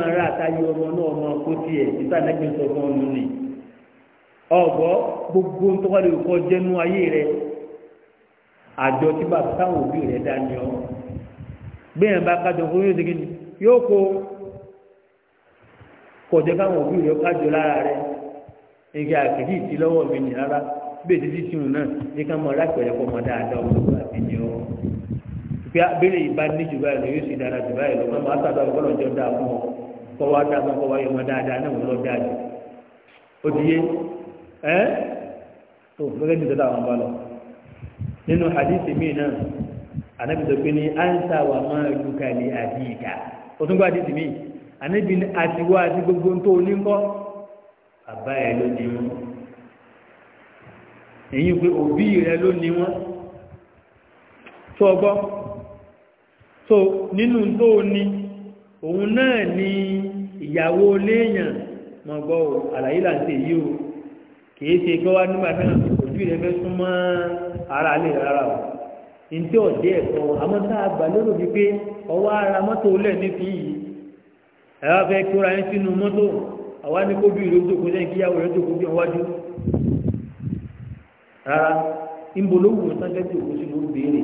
ọmọ náà ọmọ kó tiẹ̀ títà lẹ́gbẹ̀ẹ́ sọ fún ọmọ nì ọ̀gbọ́ gbogbo ń tọ́wọ́ lè kọ́ jẹ́nu ayé àjọ tí bàbá táwọn òbí dá ní ọ bẹ́ẹ̀ bá kájọ fún yóò yóò kó kọjọ káwọn bẹ́ẹ̀ ti dísí òun náà ní ká mọ alápẹ̀rẹ̀ kọ́ mọ dáadáa olùkọ́ àti ní ọ. pé abẹ́rẹ́ ìbá ní jù báyìí yóò sì dára jù báyìí lọ kọ́ máa sábà dáa fún ọ kọ́ wá dáa fún ọ kọ́ wá yọ ọmọ dáadáa náà wọ́n lọ dáa jù. ti yé ẹ́ gẹ́gẹ́ bí dọ́là wọn bá lọ. nínú mi náà pé ní ansa wà máa lu kàlí tún gbọ́ èyí pé òbí rẹ ló ní wọ́n tó ọgbọ́ tó nínú tó ní òun náà ni ìyàwó léèyàn mọ̀ gbọ́ àlàyé láti èyí o kìí ṣe gbọ́ wá nígbà náà òbí rẹ fẹ́ súnmọ́ ara lè rárá o ntí ọdẹ ẹkọ àmọ́ tá a gbà lérò wípé ọwọ́ ara mọ́tò lẹ nífi yìí ẹ fẹ́ kóra yín sínú mọ́tò àwa ní kó ìlú tó kó sẹ́yìn kíyàwó rẹ tó kó bí wọn rárá níbo ló wù tán lẹ́tọ̀ kó sí ló béèrè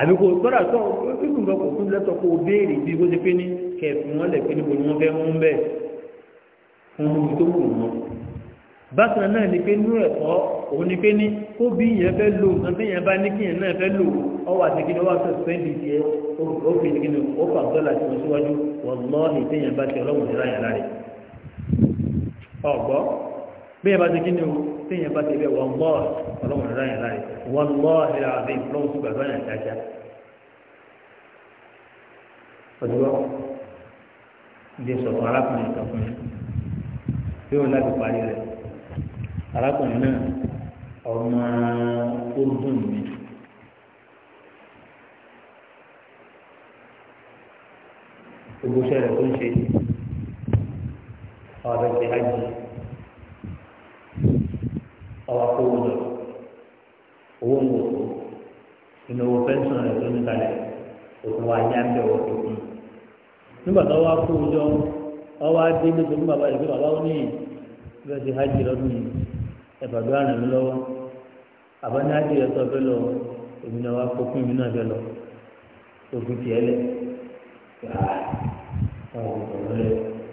àbí kò gbọ́dọ̀ tó ìgbìmọ̀ lọ kò tún lẹ́tọ̀ kó béèrè bí bó ṣe pé ní kẹfù wọn lẹ̀ pé níbo ni wọ́n fẹ́ mú bẹ́ẹ̀ fún ibi tó wù wọn bákan náà ni pé nú ẹ̀kọ́ òun ni pé ní kó bí ìyẹn fẹ́ lò nǹkan tí ìyẹn bá ní kí ìyẹn náà fẹ́ lò ọwọ́ àti kíni ọwọ́ àti sẹ́ńdì tiẹ̀ ó fi kíni ó fà dọ́là tí wọ́n síwájú wọ́n lọ́ọ̀hìn bẹ́ẹ̀ bá ti kí ni o téèyàn bá ti bẹ́ wọn lọ́ ọlọ́run rárá yẹn láàyè wọn lọ́ ẹ̀rọ àbí lọ́wọ́ tó gbàgbọ́ yẹn dájá. ọdúnwọ́ ilé sọ̀rọ̀ arákùnrin kan bí wọn láti parí rẹ̀ arákùnrin náà ọmọ orúkún mi. gbogbo sẹ́rẹ̀ tó ń ṣe ọ̀rẹ́ ti hajj ọwọ́ kó wọn lọ owó ń wò ó inú owó pẹ́ńsọ̀n rẹ̀ tó ń kalẹ̀ òkun wa yá ń bẹ̀ wọ́n tó kún nígbà tó wá kó wọn jọ ọwọ́ adé ní pẹ̀lú bàbá rẹ̀ pé bàbá ó ní bẹ́ẹ̀ ti hajj lọ́dún yìí ẹ̀bàdó àrùn mi lọ́wọ́ àbáni hajj rẹ̀ sọ fẹ́ lọ èmi náà wá kó fún mi náà fẹ́ lọ ògùn tiẹ̀ lẹ̀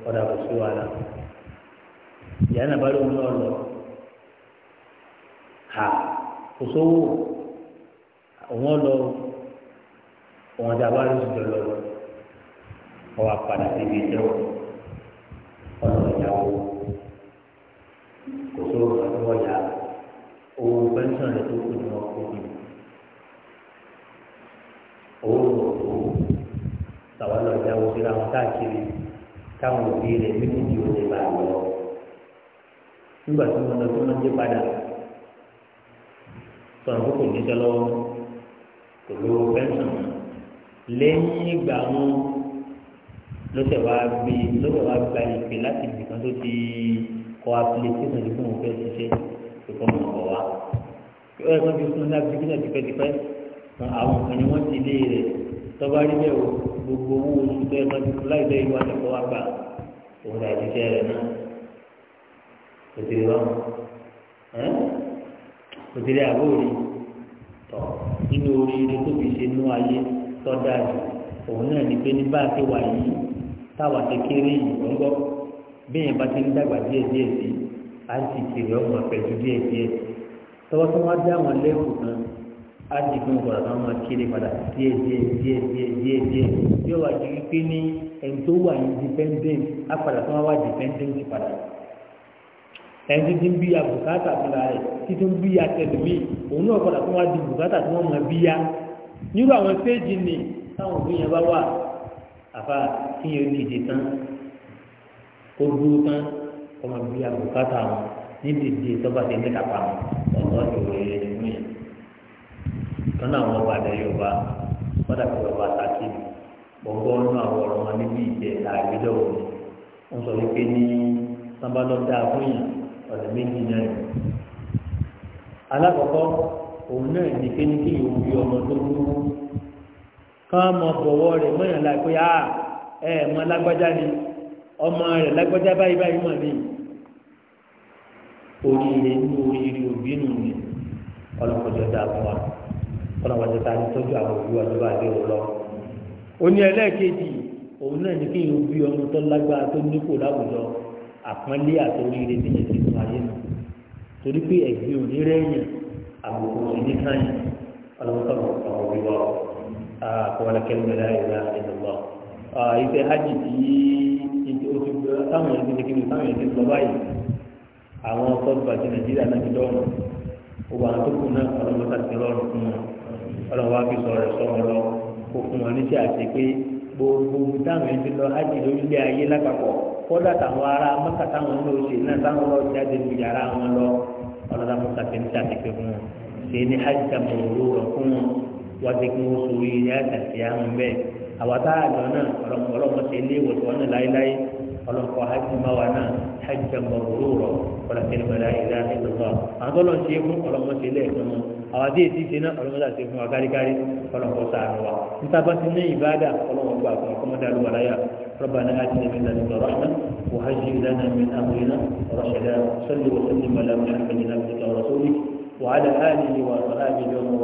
ọ̀dà kò sí wàhálà ìyá náà bá náà lọ ha kò sówó wọn lọ wọn dà wá lóṣù tó lọ wọn wá padà síbi ìjọ wọn lọ yà wọ kò sówó wọn lọ yà owó pẹ́ńsọ̀n rẹ̀ tó kù ní wọn kó bìí owó lòlò tàwọn lọ ìyàwó sí ra káàkiri káwọn òbí rẹ̀ méjì tí bá lọ nígbà tí wọn lọ tí wọn dé padà sọ̀rọ̀ kó kò ní sọ lọ́wọ́ kò lówó pẹ́ńsọ̀n lẹ́yìn ìgbà wọn ló tẹ̀ wá gbé ló tẹ̀ wá gba ìpè láti ibìkan tó ti kọ́ apilikéṣọ̀n tó fún òun fẹ́ ṣiṣẹ́ tó kọ́ mọ̀ ọ̀ wá ẹ̀ wọ́n ti fún ní apilikéṣọ̀n tipẹ́tipẹ́ àwọn kan ni wọ́n ti lé rẹ̀ tọ́ba rí bẹ́ẹ̀ o gbogbo owó oṣù tó ẹ̀ máa ti fún láì bẹ́ẹ̀ ìwà ni wá gbà òun àti rẹ̀ náà kò tẹ̀lé wọn òtítẹ́ àbórí tọ́ nínú oríire tó fi ṣe nú ayé tọ́da jù òun náà ní pé ní bá a ti wà yìí táwa ti kéré yìí wọ́n gbọ́ bẹ́ẹ̀ bá ti ń dàgbà díẹ̀ díẹ̀ sí a ti kéré ọmọ àpẹjù díẹ̀ díẹ̀ tọ́wọ́ tó wá dé àwọn lẹ́kùn kan á di fún ọ̀rọ̀ kan máa kéré padà díẹ̀ díẹ̀ díẹ̀ díẹ̀ díẹ̀ díẹ̀ yóò wá ju wípé ní ẹni tó wà ní dependent á padà tó wá wá dependent padà ẹni títí ń bíya bùkátà fúnra rẹ̀ títí ń bíya tẹlifí òun náà padà fún wa di bùkátà tí wọ́n máa bíya nírú àwọn séèjì ni táwọn òbí yẹn bá wà àfa kíyàn dìde tán kó dúró tán kó máa bíya bùkátà wọn ní dìde tọ́ba tẹ̀lé kápá wọn ọ̀dọ́ ìròyìn ẹ̀ nínú yẹn kan náà wọn wà lẹ́yìn ọba wọ́n ọba sákì gbogbo ọ̀nà àwọn ọ̀rọ̀ wọn níbi ìjẹ́ àgbélẹ̀wò ni wọ́n sọ wípé ní sábà lọ́ọ́ dáa fún yàn ọ̀nà méjì náà ni. alákọ̀ọ́kọ́ òun náà ní kéńtì yóò fi ọmọ tó dúró kán mọ bọ̀wọ́ rẹ̀ mọ́yàn la pé a ẹ̀ mọ lágbájá ni ọmọ rẹ̀ lágbájá báyìí báyìí mọ̀ ní oríire ní oríire òbí nù ní ọlọ́kọ̀jọ́ dáa fún wa ọlọ́kọ̀jọ́ ta ni tọ́jú àwọn òbí wa tó bá dé òun lọ. ó ẹlẹ́ẹ̀kejì òun náà ní kéèyàn bí ọmọ tó lágbára tó nípò láwùjọ àpọ́nlé àtòríire tí yẹn ti fún ayé nù torí pé ẹ̀gbin ò ní rẹ́yìn àbùkù ò ní káyìn ọlọ́mọtọ́mọ ọ̀rọ̀ wíwá ọ̀ àkọwálẹ́kẹ́lẹ́ mẹ́lá ìlà ìdọ̀gbọ́. ìfẹ́ hajj tí táwọn yẹn ti ní kíni táwọn yẹn ti lọ báyìí àwọn sọ́dún àti nàìjíríà náà ti dọ́rùn gbogbo àwọn tó kù náà ọlọ́mọtà ti rọrùn fún wọn ọlọ́wọ́ gbogbo táwọn ẹni lọ ájì lórílẹ̀ ayé lápapọ̀ kódà táwọn ará mọ́tà táwọn ń lò ṣe náà táwọn lọ jáde lu yàrá wọn lọ ọlọ́dà mọ́tà ti ń ṣàtìpé fún wọn ṣe ní ájì àmọ̀wòrò rọ̀ fún wọn wọ́n ti kún oṣù yìí ní àtàkì àwọn bẹ́ẹ̀ àwọn táàjọ náà ọlọ́mọ ṣe ilé ìwòsàn náà láéláé ọlọ́kọ̀ hajj máwa náà hajj mọ̀rúrọ̀ ọlọ́kẹ́ni bàdá ìlà ìlọ́gbà àwọn tó lọ ṣe fún ọlọ́mọ ṣe lẹ́ẹ̀kan mọ́ àwọn àti èsì ṣe náà ọlọ́mọ ṣe fún wa káríkárí ọlọ́kọ̀ sàánù wa níta bá ti ní ìbáàdà ọlọ́mọ gbà fún ọkọ̀mọdé alúwaláyà ربنا آتنا من لدنك رحمة وهيئ لنا من أمرنا رشدا صل وسلم على محمد